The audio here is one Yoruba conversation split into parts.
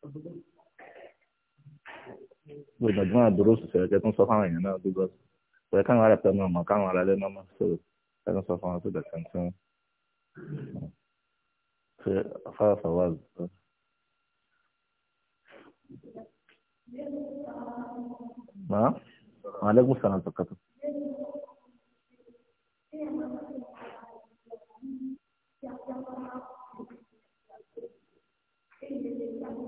gbogbo ìgbọ́n àdúró ṣiṣẹ́ ẹ̀jẹ̀ tó ń sọ fáwọn èèyàn náà gbogbo ọ̀sẹ̀ káwọn ará pẹ̀lú ọmọ káwọn ará lẹ́nu ọmọ ṣe ẹ̀ tó ń sọ fáwọn tó dẹ̀kẹ́ tí wọ́n ṣe afárafà wà lọ́wọ́. Màá àwọn alẹ́gùn sàn àtọ̀kàtọ̀. Thank you.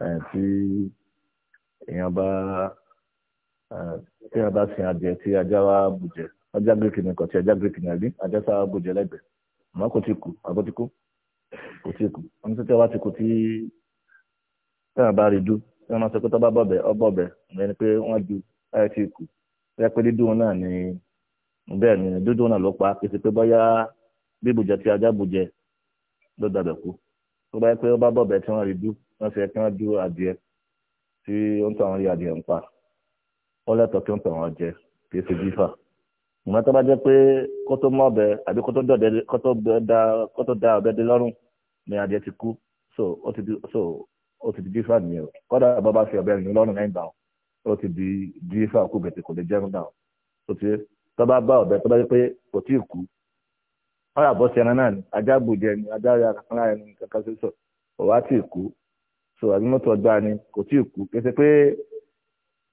Eh, tí èèyàn bá eh, tí èèyàn bá sin adìẹ tí ajá wa bùjẹ ajá gíríkì ni kò tí ajá greek ni àbí ajá sáà bùjẹ lẹ́gbẹ̀ẹ́ àmọ́ kò tí kù àbó tí kú kò tí kù wọn ti tẹ wá ti tí tí wọn bá rí dú tí wọn sọ pé bá ọ pé ju tí kù pé dídùn náà ni bẹ́ẹ̀ ni dídùn náà ló pa tí wọ́n ṣe kí wọ́n dúró adìẹ tí ó ń tọ́ àwọn ilé adìẹ ń pa ó lẹ́tọ̀ọ́ kí wọ́n tọ̀ wọ́n jẹ kì í ṣe jífà ìmọ̀ tó bá jẹ́ pé kó tó mọ́ ọbẹ̀ àbí kó da ọbẹ̀ dé lọ́rùn ni adìẹ ti kú so ó ti di so ó ti di jífà nìyẹn o kọ́dà bàbá fi ọbẹ̀ rìn lọ́rùn lẹ́yìn dàn ó ti di jífà kú bẹ̀tẹ̀ kò lè jẹun dàn ó ti tó bá bá ọbẹ̀ tó bá jẹ́ pé kò tí ì kú ọ̀rọ̀ àbọ̀sẹ̀ ẹran náà ni ajá bùjẹ ni ajá rẹ̀ kankan lára ẹni kankan sí sọ òwá tí ì kú so àbí mọ́tò ọgbà ni kò tí ì kú kẹsẹ̀ pé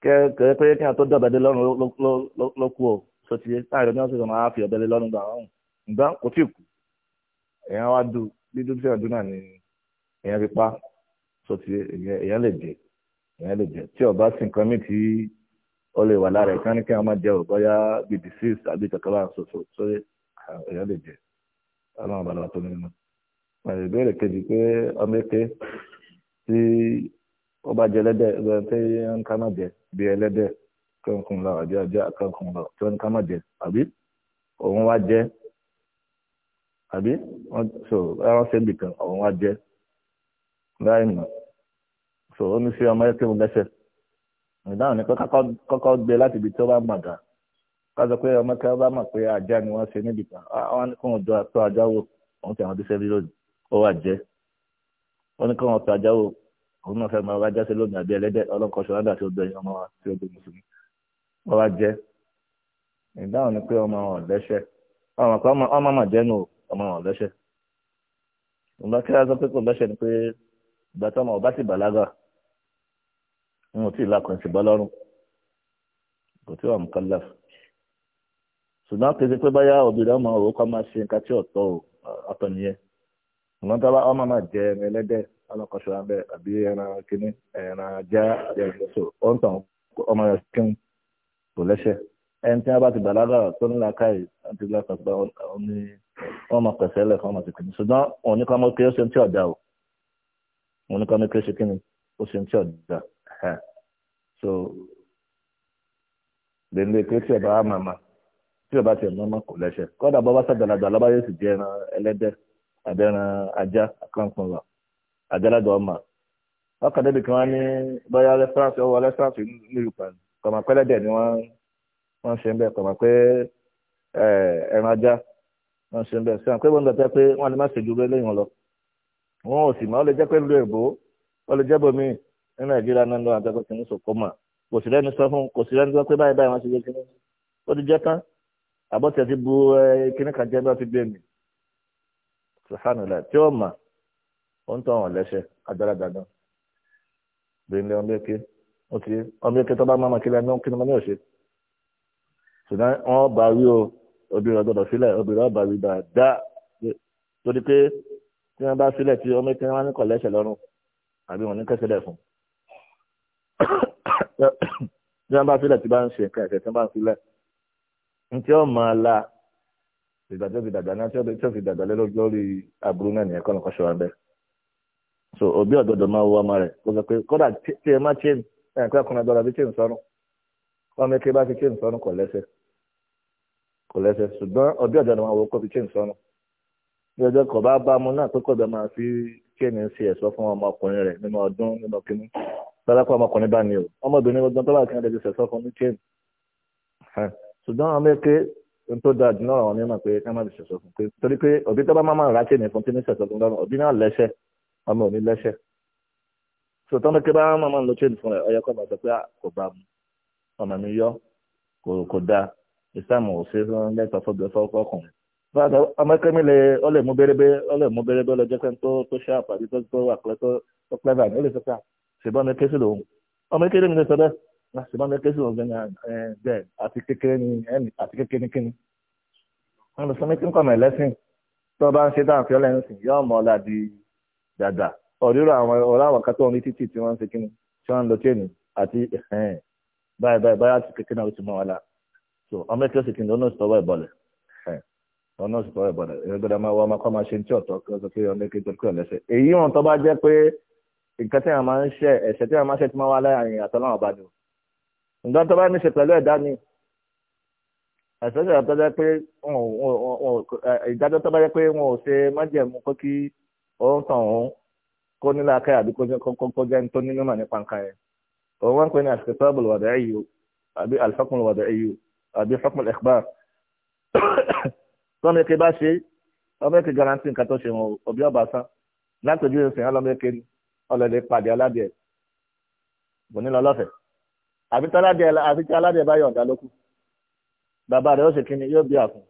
kẹsẹ̀ pé kí n tó dọ̀bẹ̀ dé lọ́rùn ló kú ọ so ti láàrin ọdún ọ̀sẹ̀ máa fi ọ̀bẹ lé lọ́rùn gbà ọ̀hún ǹgbà kò tí ì kú èèyàn wá du dídú tí èèyàn dún náà ni èèyàn fi pa so ti èèyàn lè jẹ èèyàn lè jẹ tí ọba sì nǹkan mí tí ó lè wà lára ìkànnì kí wọn má jẹ òbọyá bíi disease àbí ìtàkàlà soso sórí èèyàn lè jẹ ọlọ́run bàlá tó nínú ìbéèrè kejì pé ọmọ èké tí ó bá jẹ ẹlẹ́dẹ̀ ẹ̀ tẹ́ ń ká má jẹ bí ẹlẹ́dẹ̀ kankun la àbí ajá kankun la tí wọ́n ń ká má jẹ àbí òun wá jẹ àbí wọ́n so ẹran ṣe ń bìkan òun wá jẹ láì mọ̀ so ó ní sí ọmọ ẹ̀kẹ́ mu lẹ́sẹ̀ ìdáhùn ni kọ́kọ́ gbé láti ibi tí ó bá màgà kájọ pé ọmọ ẹ̀kẹ́ bá mọ̀ pé ajá ni wọ́n ṣe níbìkan àwọn kò ń jọ àtọ́ ajá wò òun ti àwọn tó ṣe bí lónìí ó wà jẹ́ wọ́n ní kí wọ́n tajà o òun náà fẹ́ máa wá jáse lónìí àbí ẹlẹ́dẹ̀ ọlọ́kọ̀ọ́sọ ládà tí ó bẹ̀rẹ̀ ọmọ wa tí ó bẹ̀rẹ̀ mùsùlùmí wọ́n wá jẹ́ ìdáhùn ni pé ọmọ wọn lẹ́ṣẹ̀ ọmọ kan ọmọ mà jẹ́nu ọmọ wọn lẹ́ṣẹ̀ ìgbà kí wọ́n sọ pé kò lẹ́ṣẹ̀ ni pé ìgbà tí ọmọ ọba ti bàlágà ń ò tí ì lakùn sí bọ́lọ́rùn kò tí wà mú kálá ṣùgbọ́n kì í ṣe pé báyà òbí rẹ̀ ọmọ òwò kan máa àmọ́ tá a bá ọmọ máa jẹ ẹran ẹlẹ́dẹ̀ ọlọ́kọ̀ṣọ́ abẹ́ àbí ẹran kínní ẹran ajá ẹ̀rọ ọ̀ǹtàn ọmọ rẹ̀ kírun kò lẹ́sẹ̀ ẹni tí wọ́n bá ti bàlágà tó ní làákàyè àti lákàtúgbà ní wọ́n máa pẹ̀sẹ̀ lẹ̀ fún ọmọ ti kìíní ṣùgbọ́n òun ní ká mọ́ ó ṣe ń tí ọ̀dà o òun ní ká mọ́ ó ṣe kíni ó ṣe ń tí ọ̀dà so lèlè pé tí ọba àmàmà tí ọba tiẹ̀ mọ́ mọ́ kò lẹ́sẹ̀ kọ́dà bọ́ bá ṣàgbàlagbà lọ́bàá yóò sì jẹ́ ẹran àbẹ́ran ajá àkànkànlá àjálàdọ̀ ọmọ ọkàn débi kan ní bóyá rẹ́fúráǹsì ọwọ́ rẹ́fúráǹsì nílùú kan kọ̀mọ̀ pẹ́ lẹ́dẹ̀ ni wọ́n wọ́n ṣe ń bẹ̀ kọ̀mọ̀ pé ẹran ajá wọ́n ṣe ń bẹ̀ sí àwọn pé wọ́n lọ jẹ́ pé wọ́n lè má ṣe ju lẹ́yìn lọ wọn ò sì máa lè jẹ́ pé lu èbó wọ́n lè jẹ́ bomi ní nàìjíríà náà lọ́wọ́ àjọ kìíní sòkòmà kò sí lẹ́nu sọ fún kò sí lẹ́nu sọ pé báyìí báyìí wọ́n ṣe jẹ́ kìíní ó ti jẹ́ tán àbọ̀tẹ̀ ti bu kíní kan jẹ́ bí wọ́n ti gbé mi sàfànùlà tí ó mà ó ń tàn wọn lẹ́sẹ̀ àgbàlagbàdàn bẹ́ẹ̀ni ọmọ eke ó ti ọmọ eke tó bá máa kí lẹ́nu kí ni mo ní òṣè ṣùgbọ́n wọ́n bá rí o obìnrin ọgbọ́dọ̀ sílẹ̀ obìnrin ọba rí dáadáa torí pé tí wọ́n bá sílẹ̀ tí ọmọ eke wọn ní kọ̀ lẹ́sẹ̀ lọ́rùn àbí wọn ní kẹsílẹ̀ fún tí wọ́n bá sílẹ̀ tí wọ́n bá ń sílẹ̀ ìgbà tó fi dàgbà náà tó fi dàgbà lórí aburú náà nìyẹn kọ́nà kọ́ṣọ́ wa bẹ́ẹ̀ so òbí ọ̀dọ́dọ̀ máa wọ ọmọ rẹ̀ kó sọ pé kódà tí ẹ má chain ẹ̀ pé ọkùnrin ọ̀dọ́dọ̀ bí chain sọ́run wọ́n mẹ́kẹ́ bá fi chain sọ́run kò lẹ́sẹ̀ kò lẹ́sẹ̀ ṣùgbọ́n òbí ọ̀dọ́dọ̀ máa wọ kó fi chain sọ́run bí ọjọ́ kò bá bá mu náà pé kò bẹ́ẹ̀ máa fi chain ṣe ẹ̀ṣọ́ fún ọmọkùnrin rẹ̀ nínú ọdún nínú kínní lọ́lápá ọmọkùnrin bá ní o ọmọbìnrin gbọ́n tó bá kí n tó da jùlọ àwọn onímọ̀ pé ká má fi ṣẹ̀ṣọ́ fún pé torí pé òbí tó bá má máa ráṣẹ́ ní fún tí ní ṣẹ̀ṣọ́ fún lọ́rùn òbí náà lẹ́ṣẹ̀ ọmọ òní lẹ́ṣẹ̀ so tọ́nu kí bá má máa lo chain fún rẹ̀ ọyọ kọ́ máa sọ pé ah, kò bá mu ọmọ mi yọ kò da ìsàmù ò sí lẹ́tọ̀ fún bí fọ́kọ́ ọkùnrin ọmọ kẹ́mi ah, ọmọ kéde mi lè sọ láti bá mẹ́kẹ́sì ọ̀gbẹ́ni bẹ́ẹ̀ àti kékeré ni ẹ̀mí àti kékeré ni kíni. wọ́n lọ sọ mí kí n kọ́ mọ̀ ẹlẹ́sìn tó bá ń ṣe dáhùn fíọ́lẹ́ ń sìn yóò mọ̀ ọ́lá di dàdà ọ̀rírọ̀ àwọn ọ̀rá àwọn kátó orí títì tí wọ́n ń ṣe kíni tí wọ́n ń lọ chéènì àti báyìí báyìí báyìí àti kékeré náà ó ti mọ̀ ọ́lá. so ọmọ ẹ̀kẹ́ sì kìnnì ọ̀nà ìsọ̀wọ́ ìbọ̀lẹ̀ ọ̀nà ìsọ̀wọ́ ìbọ̀lẹ̀ ìrẹ́gbẹ̀dá máa wọ ọmọ kọ́ máa ṣe ní tí ọ̀tọ̀ kí wọ́n sọ pé ọmọ ẹ̀kẹ́ gbẹ̀kọ́ lẹ́sẹ̀ èyí wọn tó bá jẹ́ pé nǹkan tí àwọn máa ń ṣe ẹ̀ṣẹ̀ tí àwọn máa ń ṣe tí wọ́n wá láàrin àtọ́láwọn ọba ni o ǹgbọ́n tó bá ní ṣe pẹ̀lú ẹ̀dá ni ẹ̀sẹ̀sẹ̀ tó jẹ́ pé ìdájọ́ tó bá jẹ́ pé wọn ò ṣe májẹ̀mú pé kí òun tàn òun kó nílò akẹ́ àbí kó jẹ́ ní tó ní mímọ̀ nípa nǹkan yẹn òun wọ́n ń pè ní àṣìkẹ́sọ́ọ̀bù wàdà ẹ̀yù àbí alifọ́kùn wàdà ẹ̀yù àbí fọ́kùn ẹ̀kbár tọ́mọ eke bá ṣe ọmọ eke garanti nǹkan tó ṣe wọn òbí ọba sán látòjú ìsìn ọlọmọ eke ọlọ́lẹ̀ pàdé aládìẹ kò ní lọ lọ́fẹ̀ẹ́ àfi tọ́ládẹ àfi tí aládẹ bá yọ̀ǹda lókù bàbá rẹ̀ ó sì kíni yóò bí àfún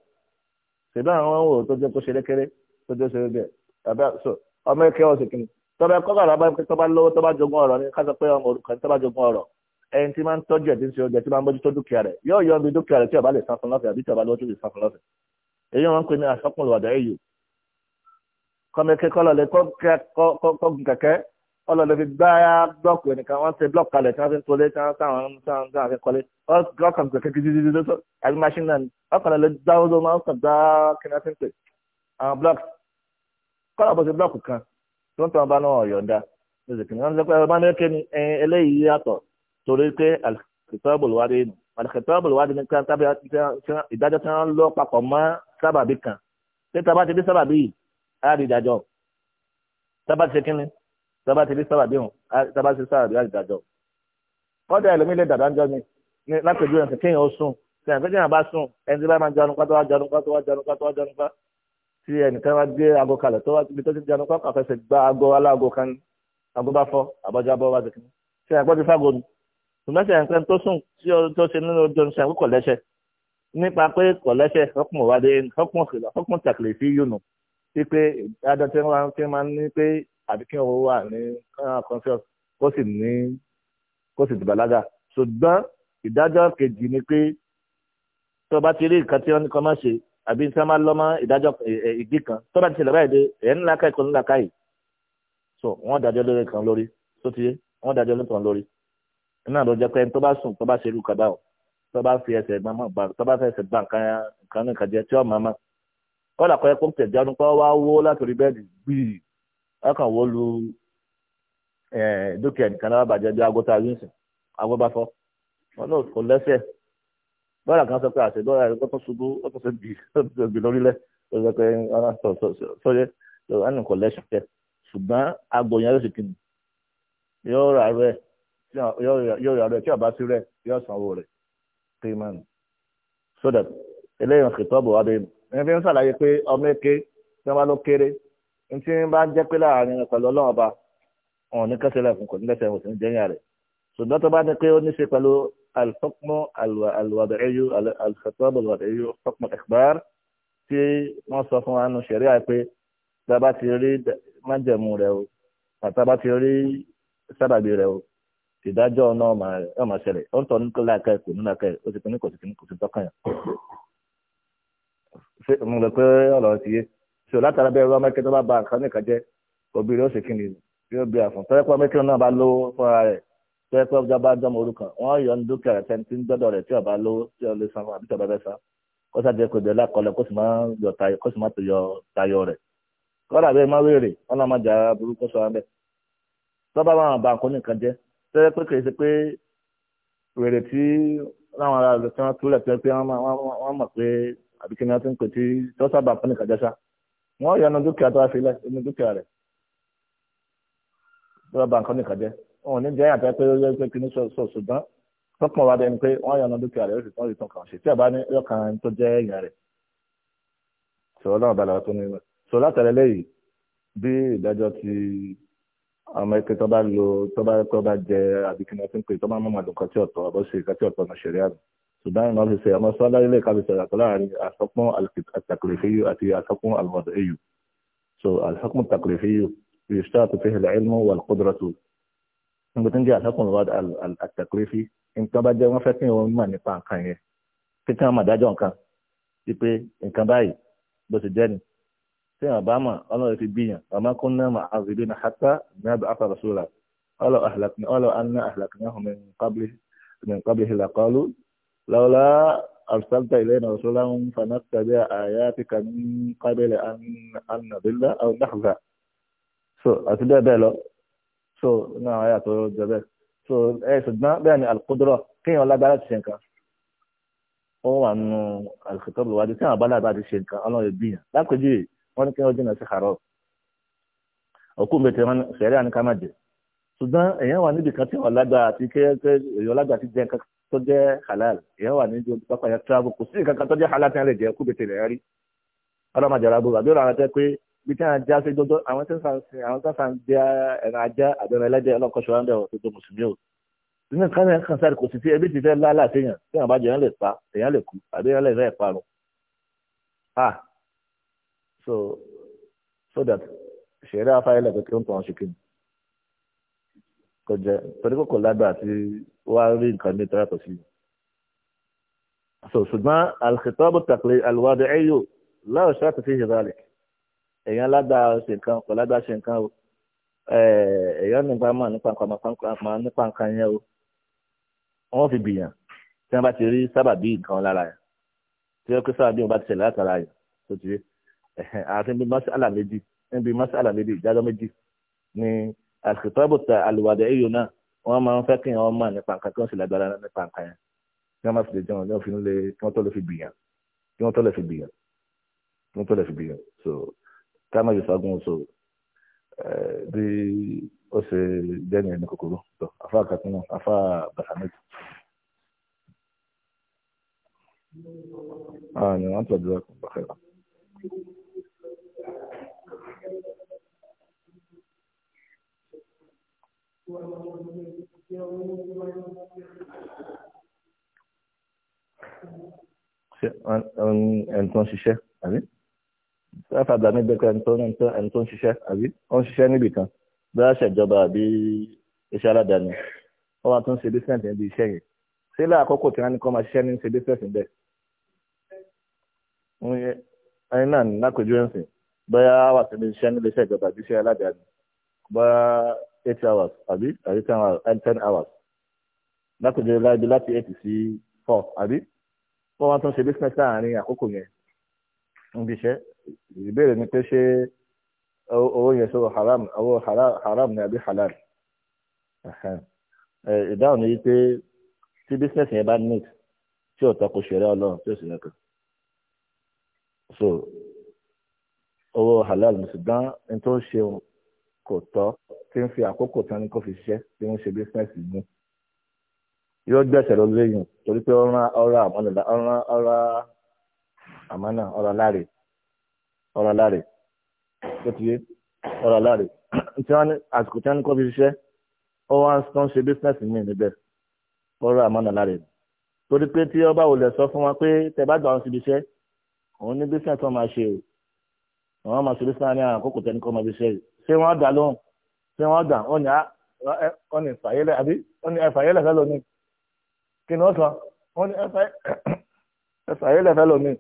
ṣèbí àwọn ohun tó jẹ́ kó ṣe lékeré tó jẹ́ ṣe bẹ́ẹ̀ bàbá so ọmọ ẹ̀kẹ́ ó sì kíni tọ́ba ẹ̀kọ́ kàrà bá tọ́ba lówó tọ́ba jogún ọ̀rọ̀ ni kásán pé ọmọ òrukàn tọ́ba jogún ọ̀rọ̀ ẹni tí máa ń tọ́jú ẹ̀ tí ń ṣe ọjà tí máa ń bójú tó dúkìá rẹ̀ yóò yọ ibi dúkìá rẹ̀ tí ọba lè san fún lọ́fẹ̀ẹ́ àbí tí ọba lówó tó lè san fún lọ́fẹ̀ẹ́ èyí wọn ń pè ní asọ́kùnrin ọ̀dà ẹ̀yù kọ́mẹ́kẹ́ kọ́lọ́lẹ̀ kọ́ kẹ́kẹ́ ọlọ́dọ̀ fi gbá blọ́ọ̀kù ẹnìkan wọ́n ṣe blọ́ọ̀kù kalẹ̀ tí wọ́n fi ń tolé tí wọ́n sáwọn sáwọn sáwọn fi kọ́lé wọ́n blọ́ọ̀kù kan kékeré dídí lóṣọ àbí machine náà ọkàn lọ dáwọ́ ló máa ń sàn dáa kí wọ́n ti ń pè àwọn blọ́ọ̀kù kọ́lá bó ṣe blọ́ọ̀kù kan tí wọ́n tọ́ wọn bá náà ọ̀yọ̀ǹda lóṣèkì ni wọ́n sọ pé ọba ní kéni eléyìí yàtọ̀ torí pé alìkìtọ́bù wádìí nù alìkìtọ́bù sábà ti rí sábà bí hùn sábà ti sábà bí àdìdájọ́ kọ́dà ẹlòmí lè dàdá ń jọ mi látọ̀jú ẹ̀sìn kéèyàn ó sùn tí àgbẹ̀ kéèyàn bá sùn ẹni tí bá máa jẹun pátá wá jẹun pátá wá jẹun pátá wá jẹun pátá tí ẹnìkan wá gbé aago kalẹ̀ tó wá ibi tó ti jẹun pátá àfẹsẹ̀ gba aago aláago kan aago bá fọ́ àbọ̀já bọ́ wá dìkín tí àgbẹ̀ ti fágo nù ṣùgbọ́n tí àgbẹ̀ tó sùn tí ó tó ṣe nínú ojú oníṣẹ́ àgbẹ̀ kọ̀lẹ́ṣẹ̀ nípa pé kọ̀lẹ́ṣẹ̀ ọkùnrin wá dé ọkùnrin tàkìlẹ̀ sí yónù wípé adájọ́ tí wọ́n máa ń ní àbí kí wọ́n wà ní kára ah, conscious kó sì ní kó sì ti ṣùgbọ́n ìdájọ́ kejì ni pé tó bá ti rí nǹkan tí wọ́n ní kọ́ máa ṣe àbí tí wọ́n máa lọ́ mọ́ ìdájọ́ ìdí kan tó bá ti ṣẹlẹ̀ báyìí dé ẹ̀ ńlá káyì kò ńlá káyì so wọ́n dájọ́ lórí kan lórí tó ti yé wọ́n dájọ́ lórí kan lórí iná ló jẹ́ pé tó bá sùn tó bá ṣerú kaba o tó bá fi ẹsẹ̀ gbọ́n mọ́ tó bá fẹsẹ̀ gbà nǹkan nǹkan nǹkan jẹ tí ọ̀ máa mọ́ kọ́lá kọ́ ẹ kó tẹ̀ jẹun kọ́ wá wó látòrí bẹ́ẹ̀dì gbìyì ọkàn wọ́n lu dúkìá nìkan náà bàjẹ́ bí agota rinsin agbábáfọ́ wọn náà kò lẹ́sẹ̀ bọ́ọ̀lù kan sọ pé àṣẹ bọ́ọ̀lù àìrẹ́gbọ́n tó ṣubú ó tó ṣe bì ó tó ṣe bì lórílẹ̀ ó sọ pé ọ̀nà sọ̀rọ̀ lọ́wọ́ ẹnì kò lẹ́sẹ̀ ṣùgbọ́n agbo yẹn ló ṣe kìnnì yóò rà rẹ̀ yóò rà rẹ̀ tí ọba sí rẹ̀ yóò sanwó rẹ̀ kéemánì so that eléyìí ń ṣètọ́ bò wá bẹ́ẹ̀ ni ẹni fi ń ṣàlàyé pé ọmọ eke tí wọ́n bá ló kéré n tí bá ń jẹ́ pé láàrin pẹ̀lú ọlọ́run ọba ọ̀hún ní kẹsẹ̀ lẹ́kùn kò ní lẹ́sẹ̀ kò sí ní jẹ́yìn rẹ̀ ṣùgbọ́n tó bá ní pé ó ní ṣe pẹ̀lú alifọ́kùnmọ́ alùwàdàẹ́yù alifọ́kùnmọ́ alùwàdàẹ́yù fọ́kùnmọ́ ẹ̀kbár tí wọ́n sọ fún wa nù ṣẹ̀rí àpé tába ti rí májẹ̀mú rẹ̀ o àtàbá ti rí sábàbí rẹ̀ o ìdájọ́ náà máa ṣẹlẹ̀ ó ń tọ́ ní láàkẹ́ kò ní láàkẹ́ ó ti pinnu kò sí pinnu kò sí tọ́kàn yẹn. mo rò pé ọ̀rọ̀ ti yé so látara bẹ́ẹ̀ rọ amẹ́kẹ́ tó bá ba nǹkan nìkan jẹ́ obìnrin ó sì kí ni yóò bí àfún tọ́yẹ́ pé amẹ́kẹ́ náà bá lówó fúnra rẹ̀ tọ́yẹ́ pé ọjà bá dánmọ̀ orúkọ wọ́n yọ ní dúkìá rẹ̀ tẹ́ni tí ń gbọ́dọ̀ rẹ̀ tí ọba lówó tí ọ lè san àbí tọ́ba bẹ́ san kó sàdé kò dé lákọlẹ̀ kó sì má yọ tayọ kó sì má yọ tayọ rẹ̀ kọ́dà bẹ́ẹ̀ má wéèrè wọn náà má jà burúkú sọ abẹ́ tọ́ba máa ba nǹkan nìkan jẹ́ tọ́yẹ́ pé kì í ṣe pé wèrè tí láwọn ará rẹ̀ tí wọ́n túlẹ̀ tí wọ́n mọ̀ pé àbíkẹ́ni wọn ti ń pè tí tọ́sàbà fún nìkan jẹ́sà wọ́n yọ ọ̀nà dúkìá tó wá fi lẹ̀ inú dúkìá rẹ̀ tó wá ba nǹkan nìkan jẹ́ òun ní jẹ́ àtẹ́ pé ó yẹ pé kí ní sọ ṣùgbọ́n tọkàn wa dẹni pé wọ́n yọ ọ̀nà dúkìá rẹ̀ ó sì tán ìtàn kàn ṣe tí àbá ní yọkàn tó jẹ́ èèyàn rẹ̀ sọ̀rọ̀ náà balẹ̀ tó ní ìmọ̀ sọ̀rọ̀ látàrí lẹ́yìn bí ìdájọ́ ti ọmọ ẹgbẹ́ tó bá lo tó bá jẹ àbíkínà tó ń pè tó bá mọ̀ màdùn tí ọ̀tọ̀ àbọ̀ṣe kan ọ̀tọ̀ ọ̀nà ṣẹ̀ríà nù ṣùgbọ́n ìmọ̀ fi ṣe ọmọ sọ́lá ilé ìka fi ṣe àtọ̀ láàrin àsọkún àtàkùrẹ̀fẹ́yù àti àsọkún àlùmọ̀dẹ́yù so àsọkún àtàkùrẹ̀fẹ́yù يشترط فيه العلم والقدرة nígbà tí ń jẹ́ àsọkún àtàkùrẹ̀fẹ́ nǹkan bá jẹ́ wọ́n fẹ́ kí wọ́n mọ̀ nípa nǹkan yẹn kí kí wọ́n mọ̀ dájọ́ nǹkan wípé nǹkan báyìí bó ti jẹ́ ni tí wọ́n bá mọ̀ ọlọ́run fi bíyàn ọmọ kún náà mọ̀ àzìbí na hátà ní àbá àfàràsúlà ọlọ́ àhàlàkùnrin ọlọ́ àná àhàlàkùnrin ọ̀hún min qabli min qabli لولا أرسلت إلينا رسولا فنتبع آياتك من قبل أن أن نضل أو نخزى so àti bẹ́ẹ̀ bẹ́ẹ̀ lọ so náà ayé àtọ́ jẹ bẹ́ẹ̀ so ẹ ṣùgbọ́n bẹ́ẹ̀ ni alukódúrọ̀ kéèyàn lágbára ti ṣe nǹkan ó wà nù alukótọ́bù wájú kéèyàn bá lágbára ti ṣe nǹkan ọlọ́run ìbíyàn lápèjúwe wọ́n ní kéèyàn jìnnà sí àárọ̀ òkú mi tẹ̀wọ́n sẹ̀rí àníkàmájẹ ṣùgbọ́n èèyàn wà níbi kan tí èèyàn lágbára ti kéèyàn lágbára ti jẹ́ tó jẹ́ halal èèyàn wà ní ju pápá yẹn travel kò sí nǹkan kan tó jẹ́ halal tí wọ́n lè jẹ́ kú bètè rẹ̀ rí ọlọ́mọ àjàrà gbogbo àbí ọ̀rọ̀ àwọn tẹ́ pé bí tí wọ́n já sí dodo àwọn tí wọ́n sin àwọn tí wọ́n jẹ́ ẹ̀rọ ajá àbẹ̀rẹ̀ ẹlẹ́dẹ̀ ọlọ́kọ̀ṣọ́ wọn bẹ̀ tó tó mùsùlùmí o nínú kan yẹn kan sáré kò sí tí ebi ti fẹ́ lálà séèyàn tí wọ́n bá jẹ́ yẹn lè pa èèyàn lè kú àbí èèyàn ah so so that ṣẹ̀rí afáyẹ́lẹ̀ pé kí ó ń tọ́ wọn ṣe kí ni kò jẹ́ ó wá rí nǹkan ní ìtọ́ yàtọ̀ sí i. ṣùgbọ́n alkitabu taqlid alwadi ayo láò ṣáàtì fi hìrà rẹ̀ èèyàn ládàá ṣe nǹkan kò ládàá ṣe nǹkan o èèyàn nípa mọ̀ nípa nǹkan nípa nǹkan yẹn o wọ́n fi bìyàn tí wọ́n bá ti rí sábàbí nǹkan lára yẹn tí wọ́n pé sábàbí wọn bá ti ṣẹlẹ̀ látara yẹn tó ti rí àti bí mas'ala méjì níbi mas'ala méjì ìdájọ́ méjì ni alkitabu ta alwadi ayo náà wọ́n máa ń fẹ́ kí wọ́n mọ̀ nípa nǹkan kí wọ́n sì lágbára nípa nǹkan yẹn kí wọ́n má sì lè jẹun lọ́wọ́ fi ń lé kí wọ́n tó lè fi gbìyàn kí wọ́n tó lè fi gbìyàn kí wọ́n tó lè fi gbìyàn so ká má yìí fagun so eh, bí ó ṣe jẹ́ nìyẹn ní kòkòrò tó afá kàtún náà afá bàtà méjì. àwọn ènìyàn wọn tọ́jú ọkùnrin bàkẹ́rẹ́. ẹni tó ń ṣiṣẹ́ àbí sáfàdà mi gbẹ́kọ̀ ẹni tó ń ṣiṣẹ́ àbí ó ń ṣiṣẹ́ níbì kan bóyá ṣèjọba àbí iṣẹ́ aládàáni wọ́n máa tún ṣe business níbi iṣẹ́ yẹn sílẹ̀ àkókò tí wọ́n ní kó máa ṣiṣẹ́ ní ṣe business níbẹ̀. ẹni náà ní lákòjú ẹ̀sìn bóyá wà sí iṣẹ́ níbi iṣẹ́ ìjọba àbí iṣẹ́ aládàáni bóyá eight hours àbí àbí ten hours and eh, ten hours látọ̀jọ́ láti láti eight sí four Abi. wọ́n wá tún ṣe business láàrin àkókò yẹn níbi iṣẹ́ ìbéèrè ni pé ṣé owó yẹn sọ haram owó haram ni àbí halal ìdáhùn ni wípé tí business yẹn bá neat tí ò tako ṣẹlẹ̀ Ọlọ́run tí ò sì nìkan so owó halal ní ṣùgbọ́n ní tó ń ṣe kò tọ́ tí ń fi àkókò tán ní kó fi ṣiṣẹ́ tí ń ṣe bísínẹ́sì mú yóò gbẹ̀sẹ̀ ló léyìn torí pé ọ̀ràn ọ̀rọ̀ àmọ́nà ọ̀ràn ọ̀rọ̀ àmọ́nà ọ̀rọ̀ láre ọ̀rọ̀ láre tó ti yé ọ̀rọ̀ láre tí wọ́n ní àsìkò tí wọ́n ní kó fi ṣiṣẹ́ ó wá tó ń ṣe bísínẹ́sì mí níbẹ̀ ọ̀rọ̀ àmọ́nà láre torí pé tí ọba ò lè sọ fún wa pé tẹ bá gbà wọn síbi iṣẹ́ òun ní bísínẹ́sì wọn máa ṣe o àwọn máa ṣe bísínẹ́sì ní àkókò tẹnikọ́ máa fi ṣe ṣé wọ́n á dá lóhùn tí wọ́n gbà wọ́n ní ah, wọ́n ní fàyẹ́lẹ̀ àbí wọ́n ní ẹ̀fàyẹ́lẹ̀ fẹ́ lómi kí ni wọ́n sọ wọ́n ní ẹ̀fàyẹ́lẹ̀ fẹ́ lómi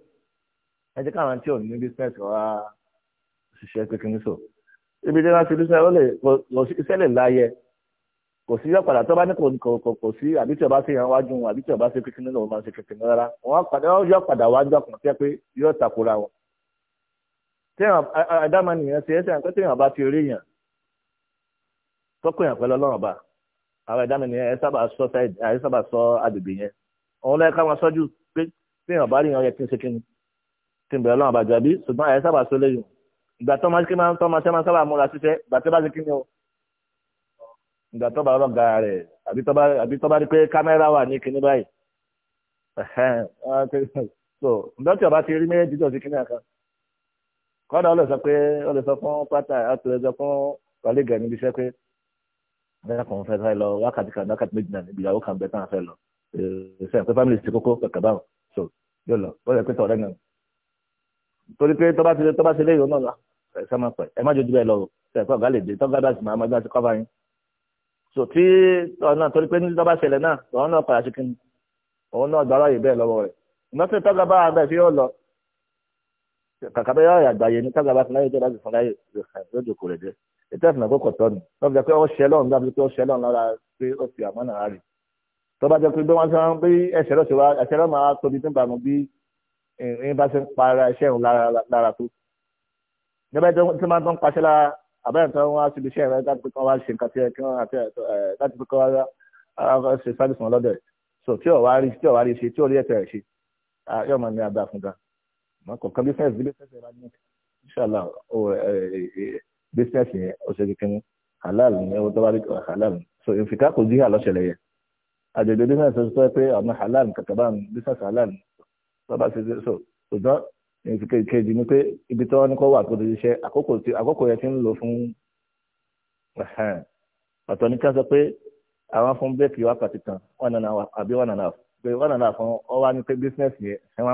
ẹ jẹ́ káwọn tí ò ní bísínẹ́sì wá ṣiṣẹ́ kékeré sọ ibi tí wọ́n ti bísínẹ́sì ó lè kò sí iṣẹ́ lè láyẹ kò sí ọ̀padà tó bá ní kò kò kò sí àbí tí ọba ṣe yàn wájú wọn àbí tí ọba ṣe kékeré lòun máa ṣe kékeré rárá wọn padà wọn yọ padà wájú ọkùnrin tí pé yóò takora wọn. téèyàn adámanìyàn ṣe é sẹ́yìn pé téèyàn bá ti rí yàn tọ́kọ̀ yẹn pẹ̀lú ọlọ́run ọba àwọn ẹ̀dá mi nìyẹn ẹ sábà sọ ẹ sábà sọ agbègbè yẹn òun lẹ́ka wọn sọ́jú pé tí èèyàn bá rí yẹn yẹ kí n ṣe kí ni kí n bẹ̀rẹ̀ ọlọ́run ọba jọ bí ṣùgbọ́n ẹ sábà sọ lẹ́yìn ìgbà tó máa ṣe máa sábà múra ṣiṣẹ́ ìgbà tó bá ṣe kí ni o ìgbà tó bá ọlọ́ga rẹ̀ àbí tó bá rí pé kámẹ́rà wà ní kinní báyìí so ǹdọ́tí ọba ti rí méjì tó ti kinní àká kọ́dà ó lè sọ pé ó lè sọ fún pátá ó fún kọ́lẹ́gà níbi iṣẹ́ pé bẹ́ẹ̀ kàn fẹ́ fẹ́ lọ wákàtí kan wákàtí méjì náà níbi ìyàwó kan bẹ́ẹ̀ tán fẹ́ lọ ṣe pé family ti kókó kàkà báwọn so yóò lọ wọ́n yẹ pé tọ̀rẹ́ náà torí pé tọ́ba ti tọ́ba ti lé ìrọ̀ náà lọ ẹ̀sẹ̀ máa pẹ̀ ẹ má jojú bẹ́ẹ̀ lọ o ṣe pé ọ̀gá lè dé tọ́gá bá sì máa máa gbá kọ́ba yín so tí ọ̀nà torí pé tọ́ba ṣẹlẹ̀ náà òun náà padà kí ètò ẹ̀sìn àkókò tọ́ ni tó fi jẹ́ pé ó ṣe lọ́run dábìlì pé ó ṣe lọ́run lára pé ó fi àmọ́ náà rè tó bá jẹ́ pé bí wọ́n ti ń bí ẹ̀ṣẹ̀ lọ́sẹ̀ wa ẹ̀ṣẹ̀ lọ́run máa tóbi tó ń bàmú bí ìrìn bá ṣe ń para ẹ̀ṣẹ̀ òun lára tó níbẹ̀ tí wọ́n ń paṣẹ́ lára àbẹ́rẹ́ tó wọ́n á síbi iṣẹ́ rẹ̀ láti pé kí wọ́n wá ṣe nǹkan tí kí wọ́n àti láti pé kí wọ́n wá ṣe sábìsì wọn lọ́dọ̀ so tí ò wá rí tí ò wá rí ṣe tí ò rí ẹ̀tẹ̀ rẹ̀ ṣe ah, yóò máa ní adá fún ga mọ kọ̀ọ̀kan bí fẹ́ẹ̀ sí bí fẹ́ẹ̀ sí ẹ̀ bá ní ìṣàlá business yẹn ó ṣe kékeré ní halal ní ẹwọ́n tó bá rí halal so ìfikà kò díhà lọ́ṣẹ̀lẹ̀ yẹn àjèjì business tó pé ọ̀nà halal kàkàbá business halal tó bá ṣe so ṣùgbọ́n ìfikèjì ni pé ibi tí wọ́n ní kó wà tó ti ṣiṣẹ́ àkókò yẹn ti ń lò fún ọ̀tọ̀ ní ká sọ pé àwọn fún bẹ́ẹ̀kì wákàtí kan one and a half àbí one and a half pé one and a half ọ wá ní pé business yẹn ẹ wá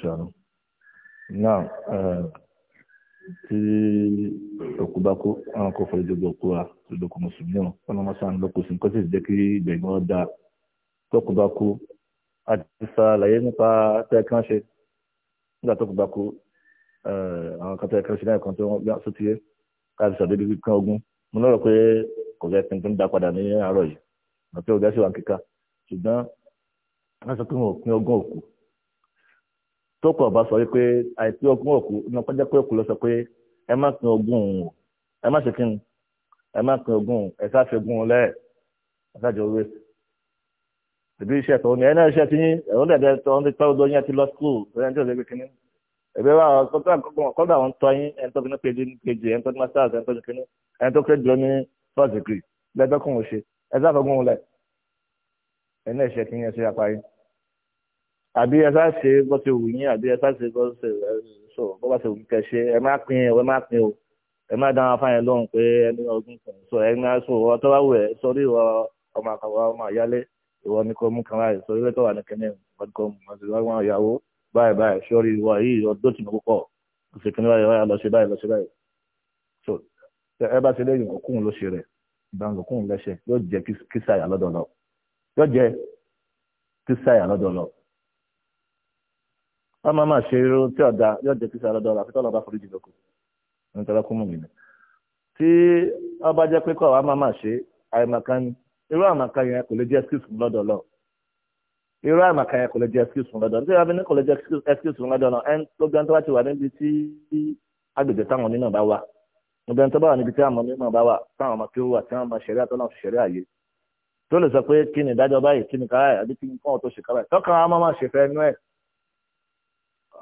ṣàánú. Náà tí òkú bá kó àwọn kò fẹ́ ìjọba òkú wa lóko mùsùlùmí náà wọn máa sáà ń lọ́kọ̀ sí nǹkan tí ìjẹ́ kí ìgbẹ̀gbọ́n da tókù bá kú. A ti sa àlàyé nípa tẹ́ nígbà tókù Eh, àwọn kan tó yẹ kí wọ́n ṣe náà kan tó wọ́n sọ ti yé káàdì sọ̀dọ̀ ibi kan ogun mo lọ́rọ̀ pé kò fẹ́ pin tó ń da padà ní àárọ̀ yìí àti ọ̀gá sì wà kíkà ṣùgbọ́n wọ́n sọ pé wọn ò pin ogún òkú tó kọ̀ bá sọ wípé àìpé ogún òkú ní ọpẹ́ jẹ́ pé òkú lọ sọ pé ẹ má pin ogún òun o ẹ má ṣe kí ni ẹ má pin ogún ẹ sá fi ogún lẹ́ẹ̀ ẹ sá jọ wé ìbí iṣẹ́ tó ní ẹ náà iṣẹ́ tí yín ẹ̀rọ dẹ̀dẹ̀ tó ń pẹ́ ọdún yẹn ti lọ skul ẹ̀rọ ẹgbẹ́ wa kọ́dà àwọn tọ́ yín ẹni tó kíní kejì kejì ẹni tó kíní masters ẹni tó kíní ẹni tó kíní jọ ní first degree lẹ́tọ́ kún un ṣe ẹ sáfẹ́ gún un lẹ̀ ẹni ẹ̀ṣẹ̀ kí yẹn ṣe àparí àbí ẹ sáà ṣe bó ti wù yín àbí ẹ sáà ṣe bó ṣe so bó bá ṣe wù kẹ ṣe ẹ má pín ẹ má pín o ẹ má dáhùn afáyẹn lóhùn pé ẹni ọdún kan so ẹ má so ọ tó bá wù ẹ sórí ìwọ ọmọ àkàwọ ọmọ àyálé ìwọ ni kò mú kan láì sórí ìwé tó wà ní kẹ́ni báyìí báyìí sọ́rí wa yìí ọdún tí mo kọ́kọ́ ṣe kí ni báyìí wáyà lọ sí báyìí lọ sí báyìí so ẹ bá ṣe lẹ́yìn òkun ló ṣe rẹ̀ ìbámu òkun lẹ́ṣẹ̀ yóò jẹ́ kíṣàyà lọ́dọ̀ lọ yóò jẹ́ kíṣàyà lọ́dọ̀ lọ wọ́n máa máa ṣe irun tí ọ̀dà yóò jẹ́ kíṣàyà lọ́dọ̀ lọ àfi tọ́lọ́ bá forí jìnnà kù nítorí kú mú mi nì tí ọba jẹ́ pé kọ́ wa máa máa ṣe àìmọ̀kan irú àmọ̀kan yẹn kò lè jẹ́ kíṣù lọ́dọ̀ lọ́wọ́ irú àmàkà yẹn kò lè jẹ excuse fún lọ́dọ̀ nítorí wọn ní kò lè jẹ excuse fún lọ́dọ̀ náà ẹn gbogbo ẹni tó bá ti wà níbi tí agbègbè táwọn onímọ̀ bá wà gbogbo ẹni tó bá wà níbi tí àwọn onímọ̀ bá wà táwọn ọmọ kí ó wà tí wọn máa ṣẹ̀rí àtọ́nà ṣẹ̀rí àyè tó lè sọ pé kí ni ìdájọ́ báyìí kí ni káyà àbí kí ni kọ́ tó ṣe káyà tọ́kàn á máa ṣe fẹ́ nú ẹ̀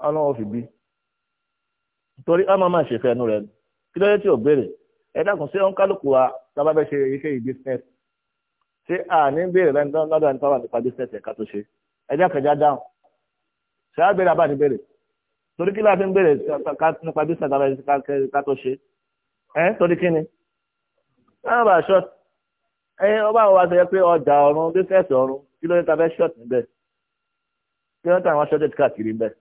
ọlọ́wọ́ fi bí torí á máa ṣe fẹ́ nú rẹ̀ kí lóye tí ò béèrè ẹ dákun sí ọ̀nkálùkù wa tábàbẹ́ ṣe iṣẹ́ yìí business ṣé àní béèrè lọ́dọ̀ ẹni tó wà nípa bísíǹsì ẹ̀ka tó ṣe ẹjẹ́ kẹjá dáhùn ṣé á béèrè abáàdì béèrè torí kí láti ń béèrè nípa bísíǹsì ẹ̀ka tó ṣe ẹ̀ torí kí ni láwọn bá ṣọ́ọ̀tì ẹ̀yin ọba àwọn wa sọ yẹ pé ọjà ọ̀run bísíǹsì ọ̀run kí ló ń ta fẹ́ ṣọ́ọ̀tì níbẹ̀ kí ló ń ta àwọn ṣọ́ọ̀tì káàkiri níbẹ̀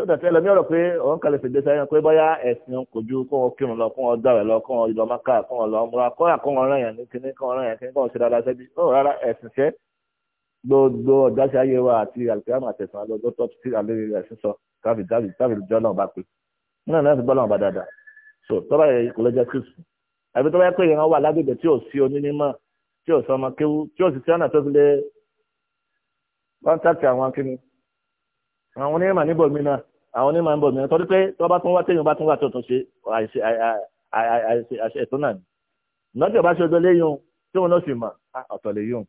sódà tí ẹlòmí ọ̀rọ̀ pé òun kàlẹ̀ fèdè sáyẹn pé bóyá ẹ̀sìn kò ju kó wọn kírun lọ kó wọn gbàwẹ̀ lọ kó wọn ìlọ maka kó wọn lọ múra kó wọn kó wọn rán yàn ní kíní kó wọn rán yàn kíní kó wọn ṣe dáadáa sẹ́bi ó rárá ẹ̀sìn ṣẹ́ gbogbo ọ̀dáṣe ayé wa àti àlùkìyàmù àtẹ̀sán lọ́dọ́ tó ti àlẹ́ ẹ̀sìn sọ káfí káfí káfí jọ́ náà bá pé náà náà fi bọ́ náà so tọ́ba yẹ kò lọ́jọ́ kristu àbí tọ́ba yẹ pé èèyàn wà lágbègbè tí ò sí onímọ̀ tí ò sọ ọmọ kéwú tí ò sì tí ọ̀nà tó náà àwọn onímọ̀ ń bọ̀ mìíràn torí pé tó bá tún wá téèyàn bá tún wá tuntun ṣe àṣẹ ẹ̀tọ́ náà ni lọ́jọ́ bá ṣe ọjọ́ léyìn tí òun náà sì mọ̀ ah, ọ̀tọ̀ lè yùn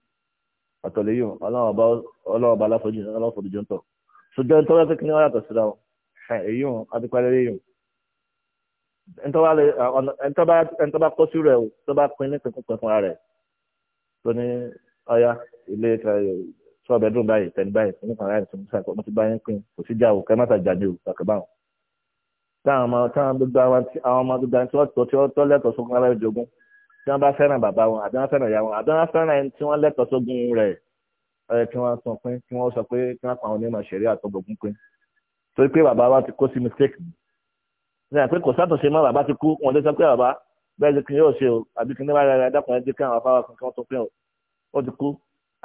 ọ̀tọ̀ lè yùn ọlọ́run ọba aláfojú aláfojú jọ ń tọ̀ ṣùgbọ́n tó wá pé kí ni wọ́n yàtọ̀ síra wọn èyí hùn àti parí léyìn ẹni tó bá kó sí rẹ̀ tó bá pin ní pínpín fúnra rẹ̀ tó ní ọya ilé sọ bẹ́ẹ̀dùn báyìí tẹ̀lé báyìí fún ìkàrà ẹ̀ fún ìṣàkó mo ti bá yẹn pín kò sí jáwó kẹ́ mọ́tà jáde o kàkà báwọn. táwọn ọmọ táwọn gbogbo àwọn tí àwọn ọmọ gbogbo àti ọ̀tọ̀ tí wọ́n tọ́ lẹ́tọ̀ọ́ sógun lábẹ́ jogún tí wọ́n bá fẹ́ràn bàbá wọn àbí wọ́n fẹ́ràn ìyá wọn àbí wọ́n fẹ́ràn ẹni tí wọ́n lẹ́tọ̀ọ́ sógun rẹ̀ ẹ kí wọ́n sọ pé kí wọ́n sọ pé kí wọ́n pa àwọn onímọ̀ ṣẹ̀rí àtọ́gbọ̀gún pé torí pé bàbá wa ti kó sí mistake ni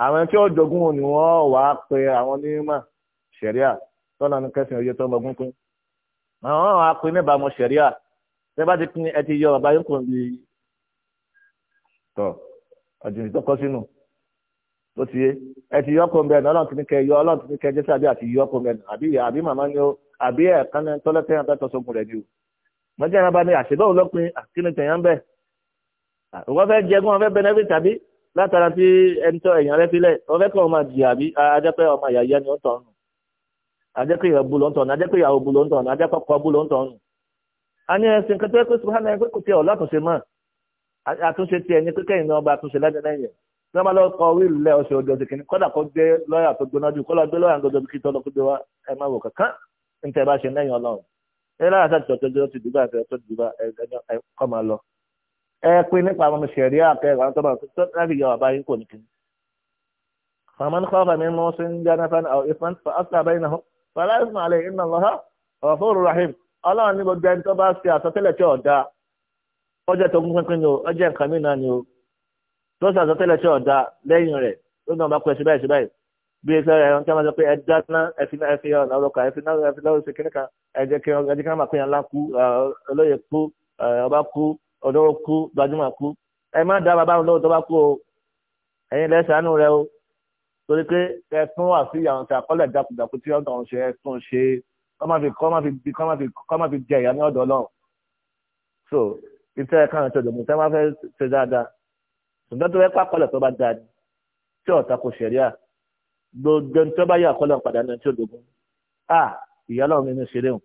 àwọn tí ó jogún òní wọn wà á pe àwọn onímọ̀ ṣẹ̀ríà tọ́lá ní kẹsàn-án oyè tó ń bọ̀gún pín àwọn wà á pe ní ìbámu ṣẹ̀ríà tẹ́ bá ti pín ẹ ti yọ bàbá yín kò bí tọ̀ ọ̀jìnrìn tó kọ́ sínú tó ti yé ẹ ti yọ kó ń bẹ̀ ní ọlọ́run ti ní kẹ yọ ọlọ́run ti ní kẹ jẹ́sí àbí àti yọ kó àbí àbí màmá ni ó àbí ẹ̀ kánẹ́ tọ́lẹ́tẹ́ yẹn fẹ́ tọ́sọ́gun rẹ̀ ni o mọ́jẹ́ yẹn bá ní àṣebáwo látara tí ẹni tọ́ èèyàn rẹ sílẹ̀ ọ̀fẹ́ kan máa jìyà bí ajẹ́pẹ́ ọmọ yàyà ni ó tọ̀ nù ajẹ́pẹ́ ìyàwó bu ló ń tọ̀ nù ajẹ́pẹ́ ìyàwó bu ló ń tọ̀ nù ajẹ́pẹ́ ọkọ bu ló ń tọ̀ nù. a ní ẹsìn kan tó yẹ kó subhanahu ẹgbẹ́ kò tiẹ̀ ọ̀ látúnṣe mọ́ àtúnṣe tiẹ̀ ní pípẹ́ ìnáwó bá àtúnṣe lẹ́yìn tí wọ́n bá lọ kọ wíìlì lẹ́ ọ̀sẹ̀ ọjọ́ ìsìnkì kọ́dà kó gbé lọ́ọ̀yà tó gbóná jù kó lọ gbé lọ́ọ̀yà ẹ pín nípa àwọn ṣẹ̀rí àkẹ́rọ àwọn tọ́ba tó láti yọ ọ̀bá yín kò ní kí. faman khafa min musin janafan aw ifan fa asla bainahum fala isma alayhi rahim ọlọ́run ní gbogbo ẹni tó bá ṣe àsọtẹ́lẹ̀ tí tó o nǹkan ni o tó ṣe àsọtẹ́lẹ̀ tí lẹ́yìn rẹ̀ ń bá pẹ́ síbẹ̀ síbẹ̀ bí ọ̀dọ́ kú gbajúmọ̀ kú ẹ má dá bàbá wọn lọ́wọ́ tó bá kú o ẹ̀yin lẹ́sàánú rẹ o torí pé ẹ fún àfihàn àwọn ṣàkọọ́lẹ̀ jákujàku tí wọ́n tàn ṣe ẹ tún ṣe kọ́ má fi kọ́ má fi bí kọ́ má fi kọ́ má fi jẹ ìyá ní ọ̀dọ̀ náà so iṣẹ́ ẹ̀ka àti ọ̀dọ̀ mùsẹ́ máa fẹ́ ṣe dáadáa ṣùgbọ́n tó fẹ́ pa àkọọ́lẹ̀ tó bá dáa ni tí ọ̀tá kò ṣẹ̀ríà gbogbo ní tó bá yẹ àkọọ́lẹ̀ padà ní ah ìyá náà mi ní ṣeré hùn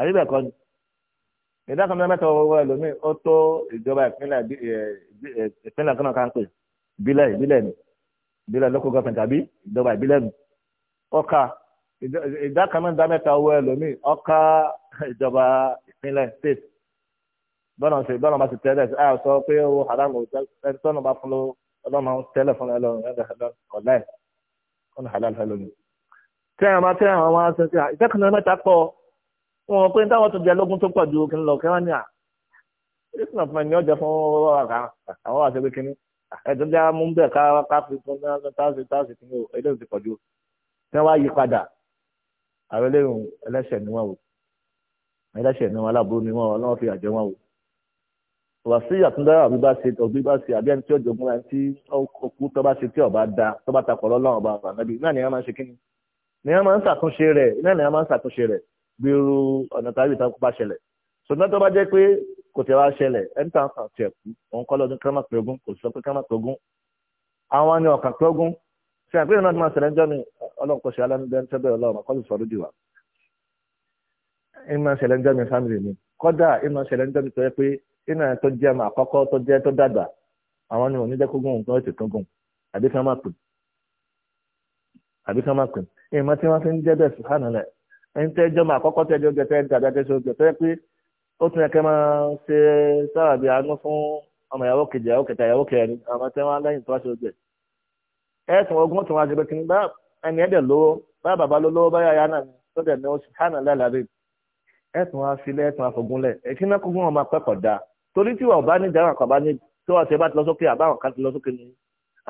àyíbẹ̀kọ́ ni ìdá kan mẹ́ta ọwọ́ ẹlòmíì ó tó ìjọba ìpínlẹ̀ ìpínlẹ̀ kan náà kan pè bílẹ̀ ìbílẹ̀ ni bílẹ̀ local government àbí ìjọba ìbílẹ̀ ni ọkà ìdá kan mẹ́ta mẹ́ta ọwọ́ ẹlòmíì ọkà ìjọba ìpínlẹ̀ state bọ́nà ṣe bọ́nà bá ti tẹ́lẹ̀ ṣe àìsọ pé owó haramu ẹni tọ́nà bá fún ọlọ́mọ tẹ́lẹ̀ fún ẹlọ́run ọ̀lẹ́ ọ̀nà halal fẹ́ lónìí. tẹ́yàn máa tẹ́yàn máa ń sọ wọn pé táwọn tó di alógún tó pàdé òkè ńlọ kí wọn ní à ẹsùn àfihàn ni ọjà fún àwọn àṣẹwé kínní ẹjọ bí a mú bẹ́ẹ̀ ká ká fi fún náà táàsì táàsì kí ní o ti pọ̀jù tí wọn wá yí padà àwọn eléyìí ẹlẹ́ṣẹ̀ ni wọn o ẹlẹ́ṣẹ̀ ni wọn aláàbò ni wọn Ọlọ́run fi àjẹ wọn o wà sí àtúndára àbí bá ṣe tọ̀bí bá ṣe àbí ẹni tí ó jogún ẹni tí òkú tó bá ṣe tí ọba da tó bá takọ̀ lọ́lọ́run ọba àbànábì náà ni wọ́n máa ń ṣe kí ni ni wọ́n máa ń ṣàtúnṣe rẹ̀ náà ni wọ́n máa ń ṣàtúnṣe rẹ̀ gbèrú ọ̀nà tàbí ìtàkùn bá ṣẹlẹ̀ ṣùgbọ́n tó bá jẹ́ pé kò tẹ̀ wá ṣẹlẹ̀ ẹni tá a kàn tiẹ̀ kú òun kọ́ lọ́dún kẹ́mà pé ogún kò sọ pé kẹ́mà pé ogún àwọn ni ọ̀kàn pé ogún ṣe àpérò náà ti máa ṣẹlẹ̀ ńjọ́ mi ọlọ́run kò ṣe alẹ́nudẹ́ntẹ́bẹ̀ ọlọ́run kọ́ lè sọ lódì wa. ìmọ̀ ṣẹlẹ̀ ńjọ́ mi fámìlì mi kọ́dà ìmọ̀ ṣẹlẹ̀ ńjọ́ mi tó yẹ pé ìnà tó jẹ́ mọ àkọ́kọ́ tó jẹ́ tó dàgbà àwọn ni òní dẹ́kógún òun kan ètò pè àbí ìmọ̀ tí wọ́n fi ń jẹ́ bẹ́ẹ̀ sùhánà lẹ̀ ẹni tẹ́ jọmọ àkọ́kọ́ tẹ́ jọ gẹ̀tẹ́ dàda tẹ́ sọ gẹ̀tẹ́ pé ó tún yẹ kẹ́ máa ṣe sábàbí àánú fún ọmọ ìyàwó kejì ìyàwó kẹta ìyàwó kẹrin àwọn tẹ́ wọn lẹ́yìn tó wá ṣe ojú ẹ̀ ẹ̀ tún ọgbọ́n tún wá ṣe pé kí ni bá ẹni ẹ̀dẹ̀ lówó bá bàbá ló lówó báyà yá náà tó dẹ̀ ní oṣù hánà lálàbẹ̀ ẹ̀ tún wá filẹ̀ ẹ̀ tún afọ̀gúnlẹ̀ èkí náà kúgbọ́n ọmọ akẹ́kọ̀ọ́ da torí tí wà ọba ní ìdáhùn àkàbá ní tó ọ̀sẹ̀ bá ti lọ sókè àbáwọn kan ti lọ sókè ni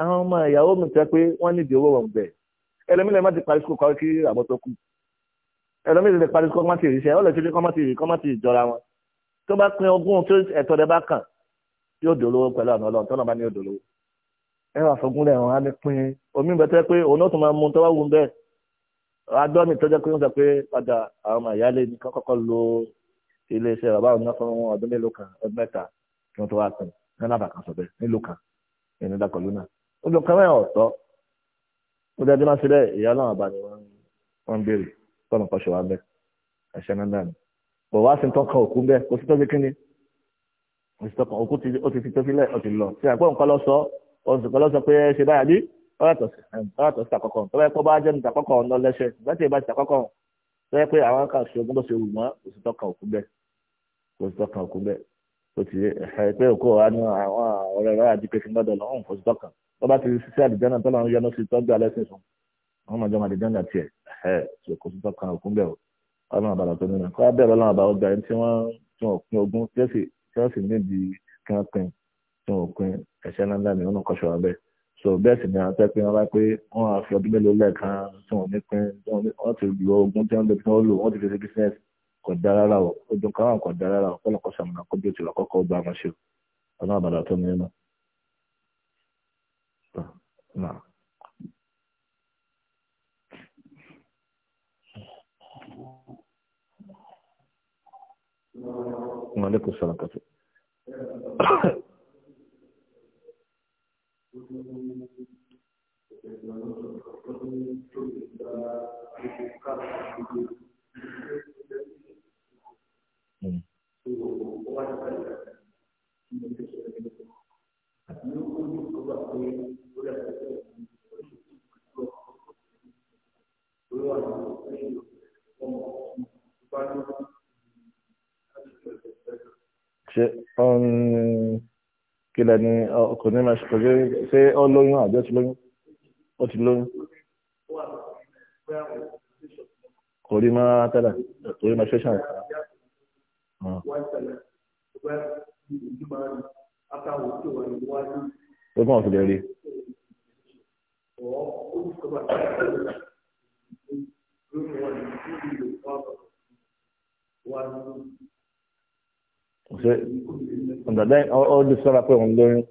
àwọn ọmọ ìyàwó mi tẹ́ pé wọ́n nídìí owó wọn bẹ̀ ẹlẹ́mìlẹ́ má ti parí sukùl kọ́ kí àbọ̀ tó kù ẹlòmíì lè parí kọ́mọ́tì ìṣe ọ̀lẹ́ tí ó ní kọ́mọ́tì kọ́mọ́tì ìjọra wọn tó bá pín ogún tó ẹ̀tọ́ rẹ bá kàn yóò dolówó pẹ̀lú àná ọlọ́run tó náà bá ní yóò dolówó ẹ wà fọgún rẹ̀ wọn á ní pín omi ń bẹ tẹ́ pé òun náà tún máa mú tọ́wọ́ wù bẹ́ẹ̀ adọ́ mi tọ́jọ́ pé wọ́n sọ pé padà àwọn ọmọ ìyáálé ní kọ́kọ́ lo iléeṣẹ́ bàbá òun náà fún ọdún mélòó kan ọdún mẹ́ta kí wọ́n tó wá pín ní alábà kan sọ bẹ́ẹ̀ nílùú kan ìní dàkọ̀ lónà ó lọ kẹ́mẹ́ ọ̀tọ́ ó dẹ́ẹ́dẹ́ máa ṣe bẹ́ẹ̀ ìyá náà bá ní wọ́n ń béèrè tọ́nà kan ṣe wá bẹ́ẹ̀ ẹ̀ṣẹ̀ náà dànù bọ̀ wá sí tọ́ka òkú bẹ́ẹ̀ kò sí tọ́jú kínní kò sí tọ́ka òkú ó ti fi tó sílẹ̀ ó ti lọ sí àpò nǹkan lọ sọ oṣù kan lọ sọ pé ṣe báyà bí ọ̀rọ̀tọ̀ sí àkọ́kọ́ tó bá yẹ kó bá jẹ́ níta kọ́kọ́ ọ̀nà lẹ́sẹ̀ gbẹ́tì ìbá ti àkọ́kọ́ tó yẹ pé àwọn kan ṣe ogún bó ṣe wù wọ́n kò sí tọ́ka òkú bẹ́ẹ̀ kò sí tọ́ka òkú bẹ́ẹ̀ ó ti ẹ̀ pé òkú wa ní àwọn ọ̀rẹ́ rẹ̀ àdìpẹ́ fi gbọ́dọ̀ lọ́hùn kò sí tọ́ka tó bá ti ṣiṣẹ́ àdìjẹ́ náà tó lọ́run yẹnu sí tọ́jú alẹ́ sí fún un wọn máa jọ máa dìjọ́ ní àti ẹ̀ ẹ̀ tí o kò sí tọ́ka òkú bẹ̀ o ọlọ́run àbàlà tó nínú kọ́ abẹ́rẹ́ ọlọ́run àbàlà ọgbà tí wọ́n tí wọ́n pín ogún tí wọ́n sì níbi kí wọ́n pín tí wọ́n ẹ̀ṣẹ́ náà ní ọ̀nà kọ́ṣọ́ wa so bẹ́ẹ̀ sì ni a fẹ́ pé wọ́n bá pé wọ́n á fi ọdún mélòó lẹ́ẹ̀kan tí wọ́n ní pín wọ́n ti lo ogún tí wọ́n lò tí wọ́n lò wọ́n ti fi ṣe bísíǹsì kò dá rárá o ojú kan kò dá rárá o kọ́lọ́kọ́ وعليكم السلام كثير Thank you. kí lẹ ni ọkùnrin máa ṣe pẹ̀lú ṣé ó lóyún àbí ó ti lóyún ó ti lóyún kò rí máa tẹ́lẹ̀ kò rí máa ṣe ṣàrẹ̀. ó kàn fi lè rí. ọ̀dàdá ọdún sọ́ra pé òun lóyún.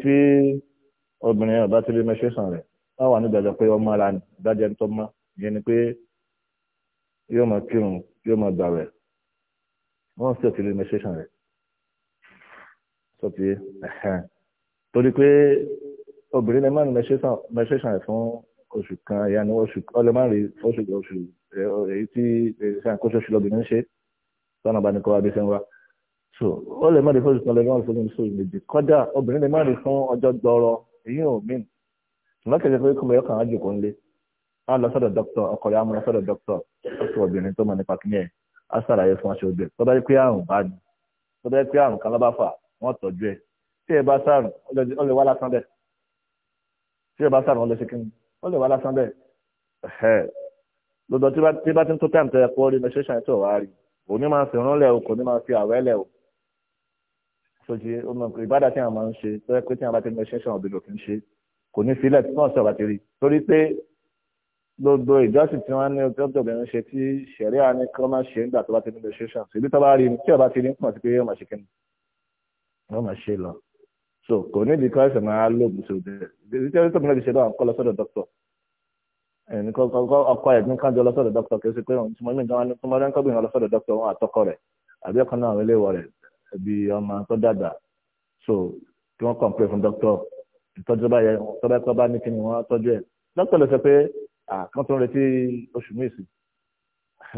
tí obìnrin ọ̀bá ti rí menstruation rẹ̀ wọ́n wà ní ìdájọ́ pé ọmọ ara ní ìdájọ́ tó mọ́ ìyẹn ni pé yóò máa kírun yóò máa gbàwẹ̀ wọ́n sì ti rí menstruation rẹ̀ sọ́tì torí pé obìnrin lè má ní menstruation rẹ̀ fún oṣù kan ìyanu oṣù ọlọ́mọ rí oṣù oṣù èyí tí ṣàkóso ṣùlọ obìnrin ṣe lọ́nà bá ní kọ́ adé sẹ́wà so ó lè má rí fún ìṣúná lẹ́gbọ́n fún ìṣúná méjì kọ́dà obìnrin lè má rí fún ọjọ́ gbọ́rọ̀ èyí ò mí ṣùgbọ́n kẹ̀kẹ́ pé kọ́mọ yọkàn á jòkó ńlé á lọ sọ́dọ̀ dókítà ọkọ rẹ̀ á mú lọ sọ́dọ̀ dókítà ọ̀sọ̀ obìnrin tó mọ̀ nípa kíní ẹ̀ á sàlàyé fún aṣọ obìnrin tó bá yẹ pé àrùn bá ní tó bá yẹ pé àrùn kan ló bá fà wọ́n tọ́jú ẹ̀ tí ẹ bá sàrùn ó lè wá lásán bẹ́ẹ̀ tí ẹ bá sàrùn ó lè ṣe kíni ó lè lọ́dọ̀ tí bá ti ń tó time tó yẹ kó rí menstruation ẹ̀ tó wá rí òní máa fi rán lẹ̀ o kò ní máa fi àwẹ̀ lẹ̀ o sojú ọmọ ìbádà tí àwọn máa ń ṣe tó yẹ pé tí àwọn bá ti ń menstruation òbí lòkì ń ṣe kò ní sílẹ̀ tí wọ́n sọ̀rọ̀ bá rí torí pé gbogbo ìjọsìn tí wọ́n ní ọjọ́ obìnrin ṣe tí ṣẹ̀rí àní kí máa ṣe nígbà tó bá ti ní menstruation ṣèbí tó bá rí ni tí ọba ti ní pọ̀ sí pé yóò máa ṣe kíni yóò máa ṣe lọ so kò ní ìdíkọ́ ẹ̀sẹ̀ máa lóògùn sóde ìdíkọ́ ẹni kọ́kọ́ ọkọ ẹ̀ ní kájọ lọ sọ́dọ̀ dọ́kítọ̀ kìí ṣe pé òun tí mo ní ìjọba ní tọmọdé ń kọ́bìnrin lọ sọ́dọ̀ dọ́kítọ̀ òun àtọkọ rẹ̀ àbí ọkàn náà àwọn eléwọ̀ rẹ̀ bí ọmọ tó dàgbà so kí wọ́n kàn pé fún dọ́kítọ̀ ìtọ́jú bá yẹ tọ́ba ẹ̀kọ́ bá ní kí ni wọ́n tọ́jú ẹ̀ dọ́kítọ̀ lè sọ pé àkàn tó ń retí oṣù míì sí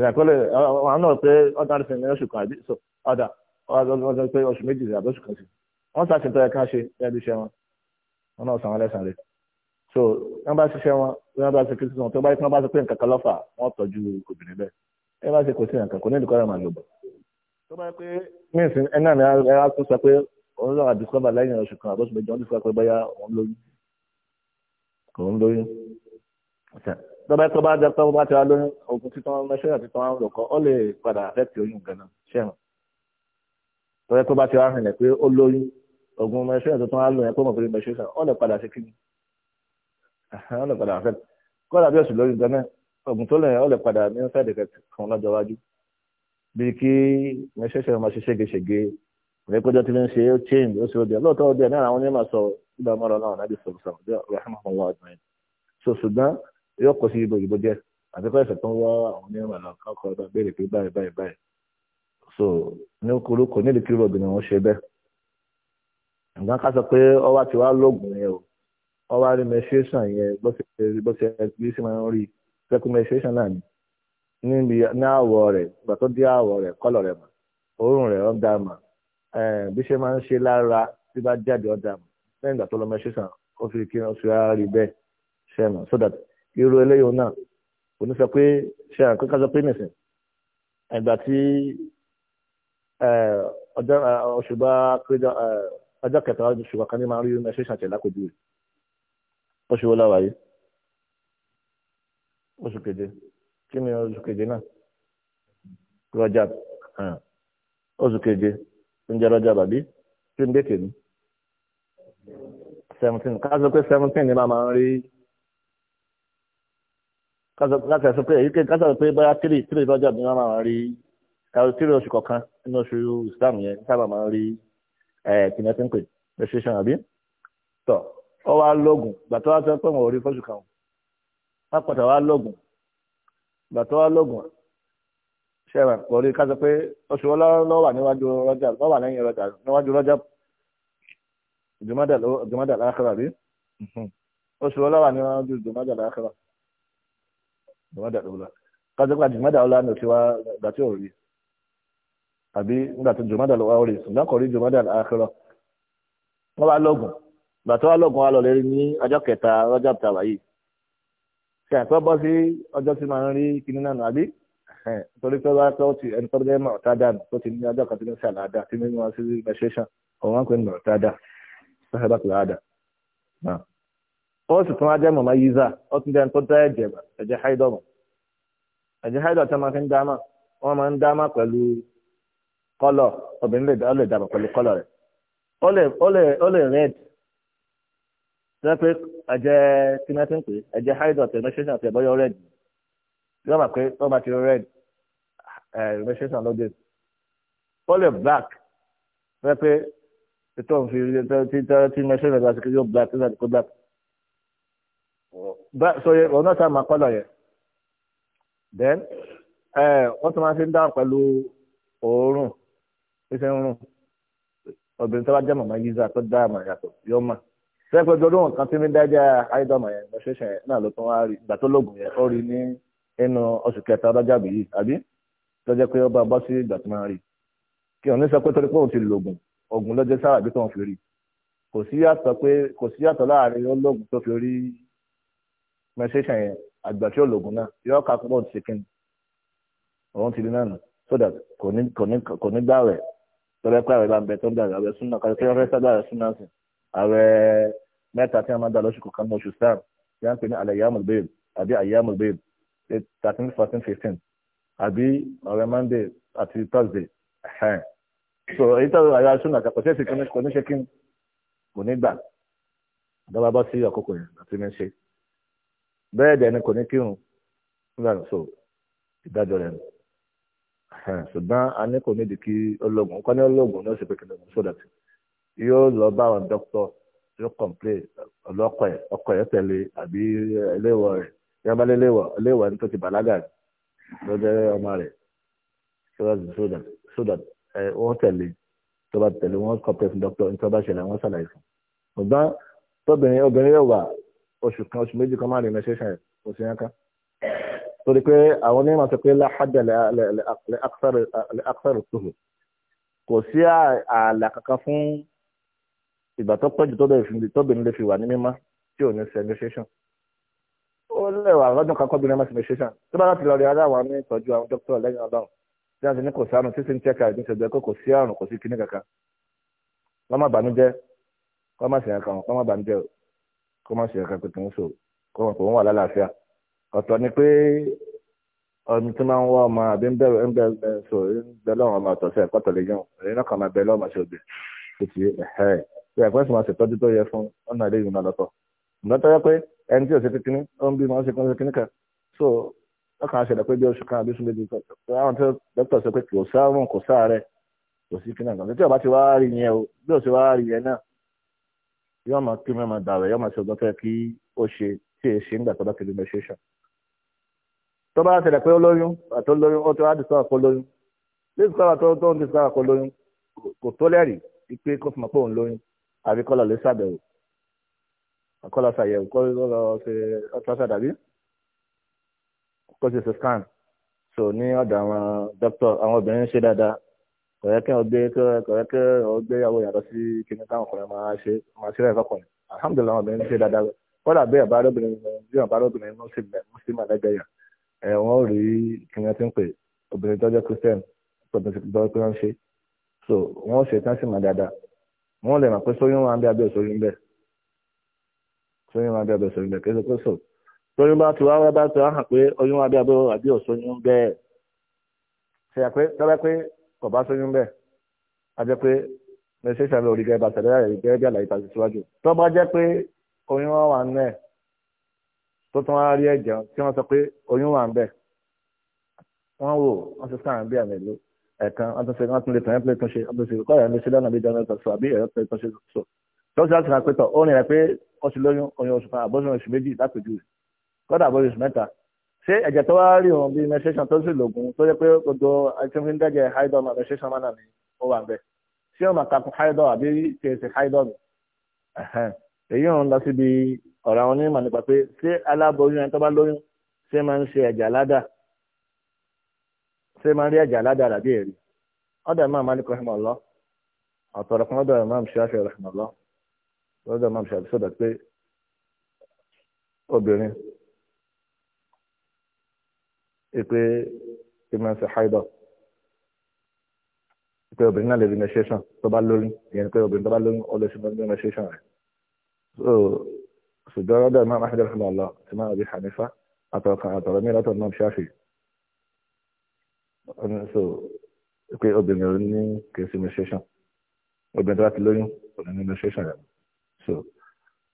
àkọlẹ̀ àwọn náà pé ọ̀dà rẹ̀ ní oṣù kan àbí so ọ̀dà ọ̀dà pé oṣù méjì àbí oṣù kan sí wọ́n sàṣetọ́ ẹ̀ka ṣe ẹ̀ bí iṣẹ́ wọn wọn náà sàn wọn lẹ́sàn-án rẹ̀ so wọ́n bá ṣiṣẹ́ wọn wọ́n bá ṣe kristu wọn tó bá yẹ kí wọ́n bá ṣe pé nǹkan kan lọ́fà wọ́n tọ́jú obìnrin bẹ́ẹ̀ ẹ bá ṣe kò sí nǹkan kò ní ìdíkọ́ rẹ̀ máa lò bọ̀ tó bá yẹ pé ní ìsìn ẹ náà ẹ á tún sọ pé òun lọ́ra discover lẹ́yìn oṣù kan àbọ̀ṣù méjì wọ́n ti sọ pé bóyá òun lóyún kò ń lóyún tó bá yẹ tó bá jẹ pé wọ́n bá ti wá lóyún oògùn títàn mẹ́ṣẹ́yà títàn àwọn olùkọ́ ó lè padà affect oyún gan-an ṣẹ́ràn tó bá ti wá rìnlẹ̀ pé ó lóyún oògùn mẹ́ṣẹ́yà tuntun á lò yẹn pé mo fi ó lè padà ṣe kíni wọ́n lè padà affect kọ́lá bí ọ̀sùn lórí ganan ọ̀gùn tó lẹ́yìn ọ̀lẹ̀ padà ní side effect kan lọ́jọ́ iwájú bí kí wọ́n ṣẹ̀ṣẹ̀ máa ṣe ṣégeṣège ìrẹ́pẹ́jọ́ tí wọ́n ṣe ó change ó sì ó dẹ̀ lóòótọ́ ó dẹ̀ náà àwọn onímọ̀ sọ ìgbà mọ́ra náà náà bí sọ̀rọ̀ sọ̀rọ̀ bí rahmatulah admin so ṣùgbọ́n yóò kó sí ibo ìbò jẹ́ àti pé ẹ̀sẹ̀ tó ń wọ́ àwọn onímọ̀ náà kọ́kọ́ ọba béèrè pé báyìí báyìí báyìí so ní kúrú kò nídìí kí rògbìn wọn ṣe bẹ́ẹ̀ ǹgbọ́n ká sọ pé ọwá ti wá lóògùn yẹn o wọ́n wá rí menstruation yẹn bọ́sẹ̀ bọ́sẹ̀ bí sí máa ń rí sẹ́kù menstruation náà ni níbi ní àwọ̀ rẹ̀ ìgbà tó dé àwọ̀ rẹ̀ kọ́lọ̀ rẹ̀ mà òórùn rẹ̀ ọ̀dà mà bí ṣe máa ń ṣe lára tí bá jáde ọ̀dà mà lẹ́yìn ìgbà tó lọ menstruation ó fi kí wọ́n fi ara rí bẹ́ẹ̀ ṣe mà so that irú eléyìí náà kò ní sọ pé ṣe àǹkọ́ ká sọ pé nìsín ìgbà tí ọjọ́ kẹta oṣù kan ní máa ń rí menstruation tẹ̀ lákòjú rẹ̀ oṣù wo láwàá yìí oṣù keje kí ni oṣù keje náà rọjà oṣù keje ń jẹ rọjà bàbí tí ń dèkè ní seventeen ká sọ pé seventeen ni màmá ń rí ká sọ pé èyí ká sọ pé bóyá three three rọjà ni màmá ń rí káwọn three oṣù kọ̀ọ̀kan nínú oṣù Islam yẹn sábà máa ń rí ẹ̀ kìnìún tí ń pè registration àbí tọ̀ ọ wá lọ́gùn gbàtọ́ wá sọ pé wọn ò rí fọ́ṣù kan wá pàtàkì wá lọ́gùn gbàtọ́ wá lọ́gùn ṣẹ́wà kò rí ká sọ pé oṣù ọlọ́rọ́ wà níwájú rọ́jà lọ́ wà lẹ́yìn rọ́jà níwájú rọ́jà jùmọ́dà lákàrà bí oṣù ọlọ́rọ́ wà níwájú jùmọ́dà lákàrà jùmọ́dà lọ́wọ́ ká sọ pé jùmọ́dà ọlọ́rọ́ ní òṣìwà gbà tí ò rí àbí nígbà tó jùmọ́dà lọ́wọ́ rí ṣùgbọ́n kò rí jùmọ́dà lákàrà wọ́n wá lọ́gùn gbàtọ́ ọlọ́gun alọ̀lẹ́ ní ọjọ́ kẹta ọjọ́ tàwa yìí ṣe àpẹ́ bọ́ sí ọjọ́ tí màá ń rí kinní náà nù àbí torí pé wá tó ti ẹni tó jẹ́ mọ̀tádà nù tó ti ní ọjọ́ kan tí ní sàlàdà tí ní wọn sí menstruation òun wọn pè ní mọ̀tádà sọ́sẹ́dá tẹ́ pé ẹ̀jẹ̀ kí náà ti ń pè ẹ̀jẹ̀ haidọ̀ tẹ̀ menstruation tẹ̀ bọ́yọ̀ red yóò máa pé ó máa ti red menstruation lóde ó lè black tẹ́ pé ètò òun fi tí tí menstruation ẹ̀gbọ́n yóò black tí wọ́n ti kó black. so òun náà sá máa kọ́ lọ yẹn then wọ́n tún máa fi ń dáhùn pẹ̀lú òórùn ṣíṣe ń rùn obìnrin tó bá jẹ́ màmá yíza tó dá àmà yàtọ̀ yóò máa sẹ́pẹ́ dọ́dún nǹkan tí mi dájà àìdọ́mọ̀ yẹn menstruation yẹn náà ló tún wá rí ìgbà tó lóògùn yẹn ó rí ní inú oṣù kẹta ọlọ́jà bì yìí àbí tó jẹ́ pé ó bá bọ́ sí ìgbà tó máa rí kí òun ní sọ pé torí pé òun ti lògùn ògùn ló jẹ́ sára bí tóun fi rí kò sí yàtọ̀ pé kò sí yàtọ̀ láàrin olóògùn tó fi rí menstruation yẹn àgbà tí ó lògùn náà yọ ká pọ̀ ti kí òun ti rí náà nù so that kò ní kò ní kò ní gbà rẹ̀ tọ́lẹ́pẹ́ rẹ̀ bá ń bẹ tó ń dà rẹ̀ àwẹ̀ súnà kọ́ mẹ́ta tí wọ́n máa ń dá lóṣù kọ̀ọ̀kan ní oṣù sáà tí wọ́n ń pè ní alayamul bayt àbí ayyamul bayt eh, thirteen fourteen fifteen àbí ọ̀rẹ́ monday àti thursday so èyí tó àyà sùn àti àkọsí ẹ̀sìn kò ní ṣe kí kò ní gbà dọ́gba bọ́ sí àkókò yẹn àti ní ṣe bẹ́ẹ̀ dẹ̀ ni kò ní kírun nígbà so ìdájọ́ rẹ̀ ṣùgbọ́n a ní kò ní di kí ológun kọ́ ní ológun ní oṣù pẹ̀kẹ́ lọ́gùn so that yóò lọ bá àwọn dókítọ̀ yóò kọ̀m̀plé ọlọ́kọ̀ ẹ̀ ọkọ̀ ẹ̀ tẹ̀lé àbí ẹlẹ́wọ̀ rẹ̀ yábálẹ̀ ẹlẹ́wọ̀ ẹlẹ́wọ̀ ẹni tó ti bàlágà ló jẹ́ ọmọ rẹ̀ so that wọ́n tẹ̀lé tó bá tẹ̀lé wọ́n kọ̀pẹ́ fún dọ́kítọ̀ ní tó bá ṣẹlẹ̀ wọ́n ṣàlàyé fún ṣùgbọ́n tóbìnrin obìnrin yóò wà oṣù kan oṣù méjì kan máa rìn mẹ́ṣẹ́ṣẹ́ oṣù yẹn kan torí pé àwọn onímọ̀ sọ pé láhàjà lẹ́ àkọ́sẹ̀rẹ̀ tóhù kò sí ààlà kankan fún ìgbà tó pẹ́jù tóbìnrin lè fi wà ní mímọ́ tí ò ní ṣe negotiation ó lẹ́wà lọ́dún kan kọ́bìnrin má ṣe negotiation tó bá láti lọ rí ara àwọn ní ìtọ́jú àwọn dókítà lẹ́yìn ọlọ́run tí wọ́n ti ní kò sí àrùn títí ń tẹ́ka ìdí ìṣẹ̀dọ̀ pé kò sí àrùn kò sí kíní kankan wọ́n má bànújẹ́ wọ́n má ṣèyàn kan wọ́n má bànújẹ́ kó má ṣèyàn kan pé kì í sòrò kó wọn kò ń wà lálàáfíà ọ̀tọ̀ ni pé ọmọ tí máa ń wá ọmọ àbí ń bẹ̀rù ń bẹ̀rù sòrò ń bẹ ọmọ ọ̀tọ̀ sẹ́ẹ̀kọ́tọ̀ lè yàn èyí náà kàn máa bẹ ọmọ ṣe rẹ̀ pẹ́ sì máa ṣètọ́jú tó yẹ fún ọ̀nà ilé ìrìnnà lọ́tọ̀ ǹgbọ́n tó yẹ pé ẹni tí ò ṣe ti ó ń bí máa ń ṣe kíní kan so wọ́n kàn á ṣẹlẹ̀ pé bí oṣù kan àbí oṣù méjì kan àwọn tí dókítà sọ pé kò sáárùn kò sáàárẹ̀ kò sí kíní kan tí ọba ti wá rí yẹn o bí ó wá rí yẹn náà yóò máa kí mẹ́mọ̀ dàrẹ̀ yóò máa ṣe ọgbọ́n kí ó ṣe tí èé ṣe nígbà tó kiri menstruation tó bá ṣẹlẹ̀ pé ó lóyún àti ó lóyún ó tó á discover kó lóyún discover tó ń discover kó lóyún kò tó lẹ́rìí pé kó fi mọ̀ pé òun lóyún àbí kọ́lọ̀ lè ṣàbẹ̀wò kọ́lọ̀ ṣàyẹ̀wò kọ́lọ̀ ṣe ultrasound àbí kó ṣe ṣe scan so ní ọ̀dọ̀ àwọn doctor àwọn obìnrin ṣe dáadáa kọ̀yẹ́kẹ́ ọgbẹ́ kọ̀yẹ́kẹ́ ọgbẹ́ ìyàwó yàtọ̀ sí kíní táwọn ọkùnrin máa ṣe máa ṣe rẹ̀ fọkùnrin alhamdulilayi àwọn obìnrin ṣe dáadáa kọ́dà bẹ́ẹ̀ bá lóbìnrin bí wọ́n bá lóbìnrin ló sì bẹ̀ mú sí màlẹ́gbẹ̀ yà ẹ̀ wọ́n rí kíní tí ń pè obìnrin tọ́jọ́ christian tọ́jọ́ pé wọ́n ṣe so wọ́n ṣe tán sí màdáadáa wọ́n lè mọ̀ pé sóyún wà ń bẹ abẹ́ sóyún bẹ́ẹ̀ sóyún wà ń bẹ abẹ́ sóyún bẹ́ẹ̀ kí ló pé sọ sóyún bá ti wá wá bá ti wá hàn pé oyún wà ń bẹ abẹ́ àbí òsóyún bẹ́ẹ̀ ṣe yà pé tọ́lá pé kò bá sóyún bẹ́ẹ̀ a jẹ́ pé mẹsẹ̀ sàbẹ̀ òrìgẹ́ bá sàbẹ̀ òrìgẹ́ bí àlàyé tàbí síwájú tó bá jẹ́ pé oyún wà wà ń bẹ tó tún wá rí ẹ̀jẹ̀ tí wọ́n sọ pé oyún wà ń bẹ wọ́n wò wọ́n ti sàn bí àmì ìlú ẹ̀kan àtúnṣe wọn tún lè tàn án pé túnṣe àtúnṣe kọ́ ẹ̀rọ ṣe lọ́nà méjì ọ̀nà ìtọ́sọ àbí ẹ̀rọ pé túnṣe so lọ́sọ̀ láti máa pé tọ̀ ó rìn rẹ̀ pé ó ti lóyún oyún oṣù kan àbóṣùn oṣù méjì lápèjú kọ́dà àbóṣùn oṣù mẹ́ta ṣé ẹ̀jẹ̀ tó wá rí òun bíi menstruation tó sì lògùn tó jẹ́ pé gbogbo àtúnṣe dẹ́jẹ̀ haidom menstruation mánà ni ó wà bẹ́ẹ̀ ṣé ó máa kakun haidom àbí kèsì haidom èyí òun lọ síbi ọ̀rọ̀ àwọn onímọ̀ nípa pé ṣé aláboyún ẹni tó bá lóyún ṣé máa ń ṣe ẹ̀jẹ̀ aládàá ṣé máa rí ẹ̀jẹ̀ aládàá àbí èrè ọ̀dọ̀ imam malik rahimahullah àtọ̀rọ̀ kan ọ̀dọ̀ imam shafi rahimahullah ọ̀dọ̀ imam shafi sọ̀dọ̀ pé obìnrin ìpè ìmọ̀ọ́sẹ̀ haidọ̀ pé obìnrin náà lè rí menstruation tó bá lóyún ìyẹn pé obìnrin tó bá lóyún ó lè ṣe lóyún menstruation rẹ̀ so ṣùgbọ́n ọ̀dọ̀ imam ahmed rahimahullah ti máa bí hanifa àtọ̀rọ̀ àtọ̀rọ̀ mi so pé obìnrin ò ní kèsì menstruation obìnrin tó bá ti lóyún kò ní ní menstruation rẹ̀ so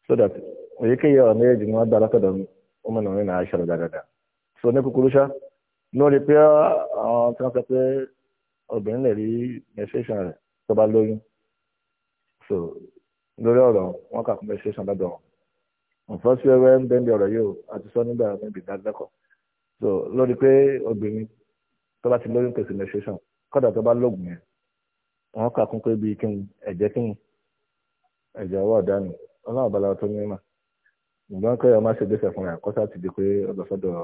so that èyíkéyìí ọ̀rọ̀ méjèèjì ni wọ́n gbà látọ̀dọ̀ ọmọ náà nínú àìsàn ọ̀dà dáadáa so ní kúkúrú ṣá ní ó rí pé àwọn tí wọ́n sọ pé obìnrin lè rí menstruation rẹ̀ tó bá lóyún so lórí ọ̀rọ̀ wọn kà fún menstruation lọ́dọ̀ wọn nǹkan sí ẹwẹ́ ń bẹ́ẹ̀ ọ̀rọ̀ yìí o àti sọ nígbà níbi ìdánilẹ́kọ̀ọ́ so lórí pé obìnrin tó bá ti lóyún pèsè menstruation kódà tó bá lóògùn yẹn wọn kà kún pé bíi kí n ẹ̀jẹ̀ kí n ẹ̀jẹ̀ ọwọ́ ọ̀dánù ọlọ́run balawa tó ní mà ǹgbọ́n kẹ́ ọ má ṣe gbèsè fúnra kọ́sà ti di pé ọlọ́sọ́dọ̀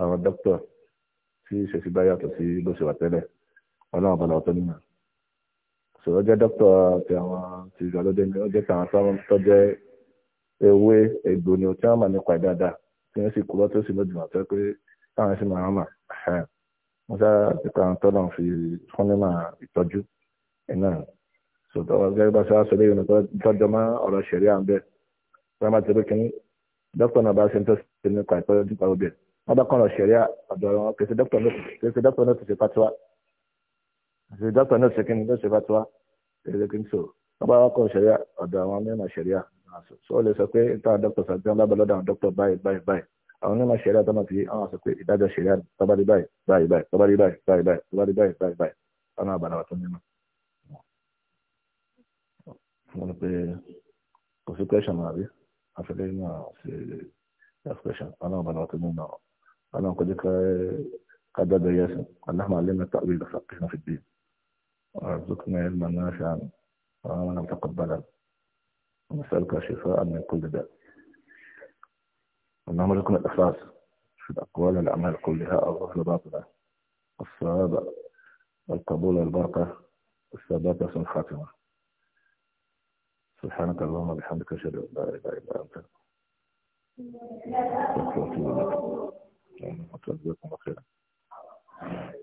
àwọn dókítà tí ìṣesí bá yàtọ̀ sí bó ṣe wà tẹ́lẹ̀ ọlọ́run balawa tó ní mà sọ̀rọ̀ jẹ́ dókítà ti àwọn ti ìgbàlódé ni ó jẹ́ ti àwọn sáwọn tó jẹ́ ewé egbò ni ó tí wọ́n mà nípa dáadáa tí wọ́n sì kúrọ́ tó sì lójú àtẹ́ pé táwọn sì máa ń mà mo sá pípa tọ́lọ̀ fi fúnlẹ́mà ìtọ́jú iná sọ̀tọ̀ gẹ́gẹ́ bá sá sọ́lé yìí tọ́jọ́ mọ́ ọ̀rọ̀ ṣẹ̀rí à ń bẹ̀ wọ́n bá ti rí kínní dókítà náà bá ṣe ń tọ́sí nípa ìtọ́jú nípa obìnrin wọ́n bá kọ́ ọ̀rọ̀ ṣẹ̀rí àjọ wọn kì í ṣe dókítà náà ti ṣe pátúwá ṣe dókítà náà ti ṣe kínní ló ṣe pátúwá ṣe kínní so wọ́n bá kọ́ ṣẹ̀rí ọ̀dọ̀ àwọn mẹ́rin ṣẹ̀rí à so ó lè sọ pé ìtàn dókítà sàgbẹ́ wọn lábẹ́ lọ́dọ̀ àwọn dókítà báyìí báyìí báyìí àwọn onímọ̀ ṣẹ̀ríà tó máa fi hàn sọ pé ìdájọ́ ṣẹ̀ríà tọ́bárí báyìí báyìí báyìí tọ́bárí báyìí báyìí báyìí tọ́bárí báyìí báyìí báyìí ọ̀nà àbàlàwà tó nínú. wọ́n ní pé kò sí question àbí àfẹ́lẹ́ náà ṣe last question ọ̀nà àbàlàwà tó nínú ọ̀nà kọjú ká dájọ́ yẹsùn aláhùn alẹ́ mẹ́ta àbí ìdàfàkìsàn fi dé وارزقنا علما نافعا وعملا متقبلا ونسألك شفاء من كل داء اللهم لكم الاخلاص في الأقوال والأعمال كلها الله الباطله الصواب القبول والبركة الثبات حسن الخاتمة سبحانك اللهم وبحمدك أشهد أن لا إله إلا أنت أستغفرك وأتوب إليك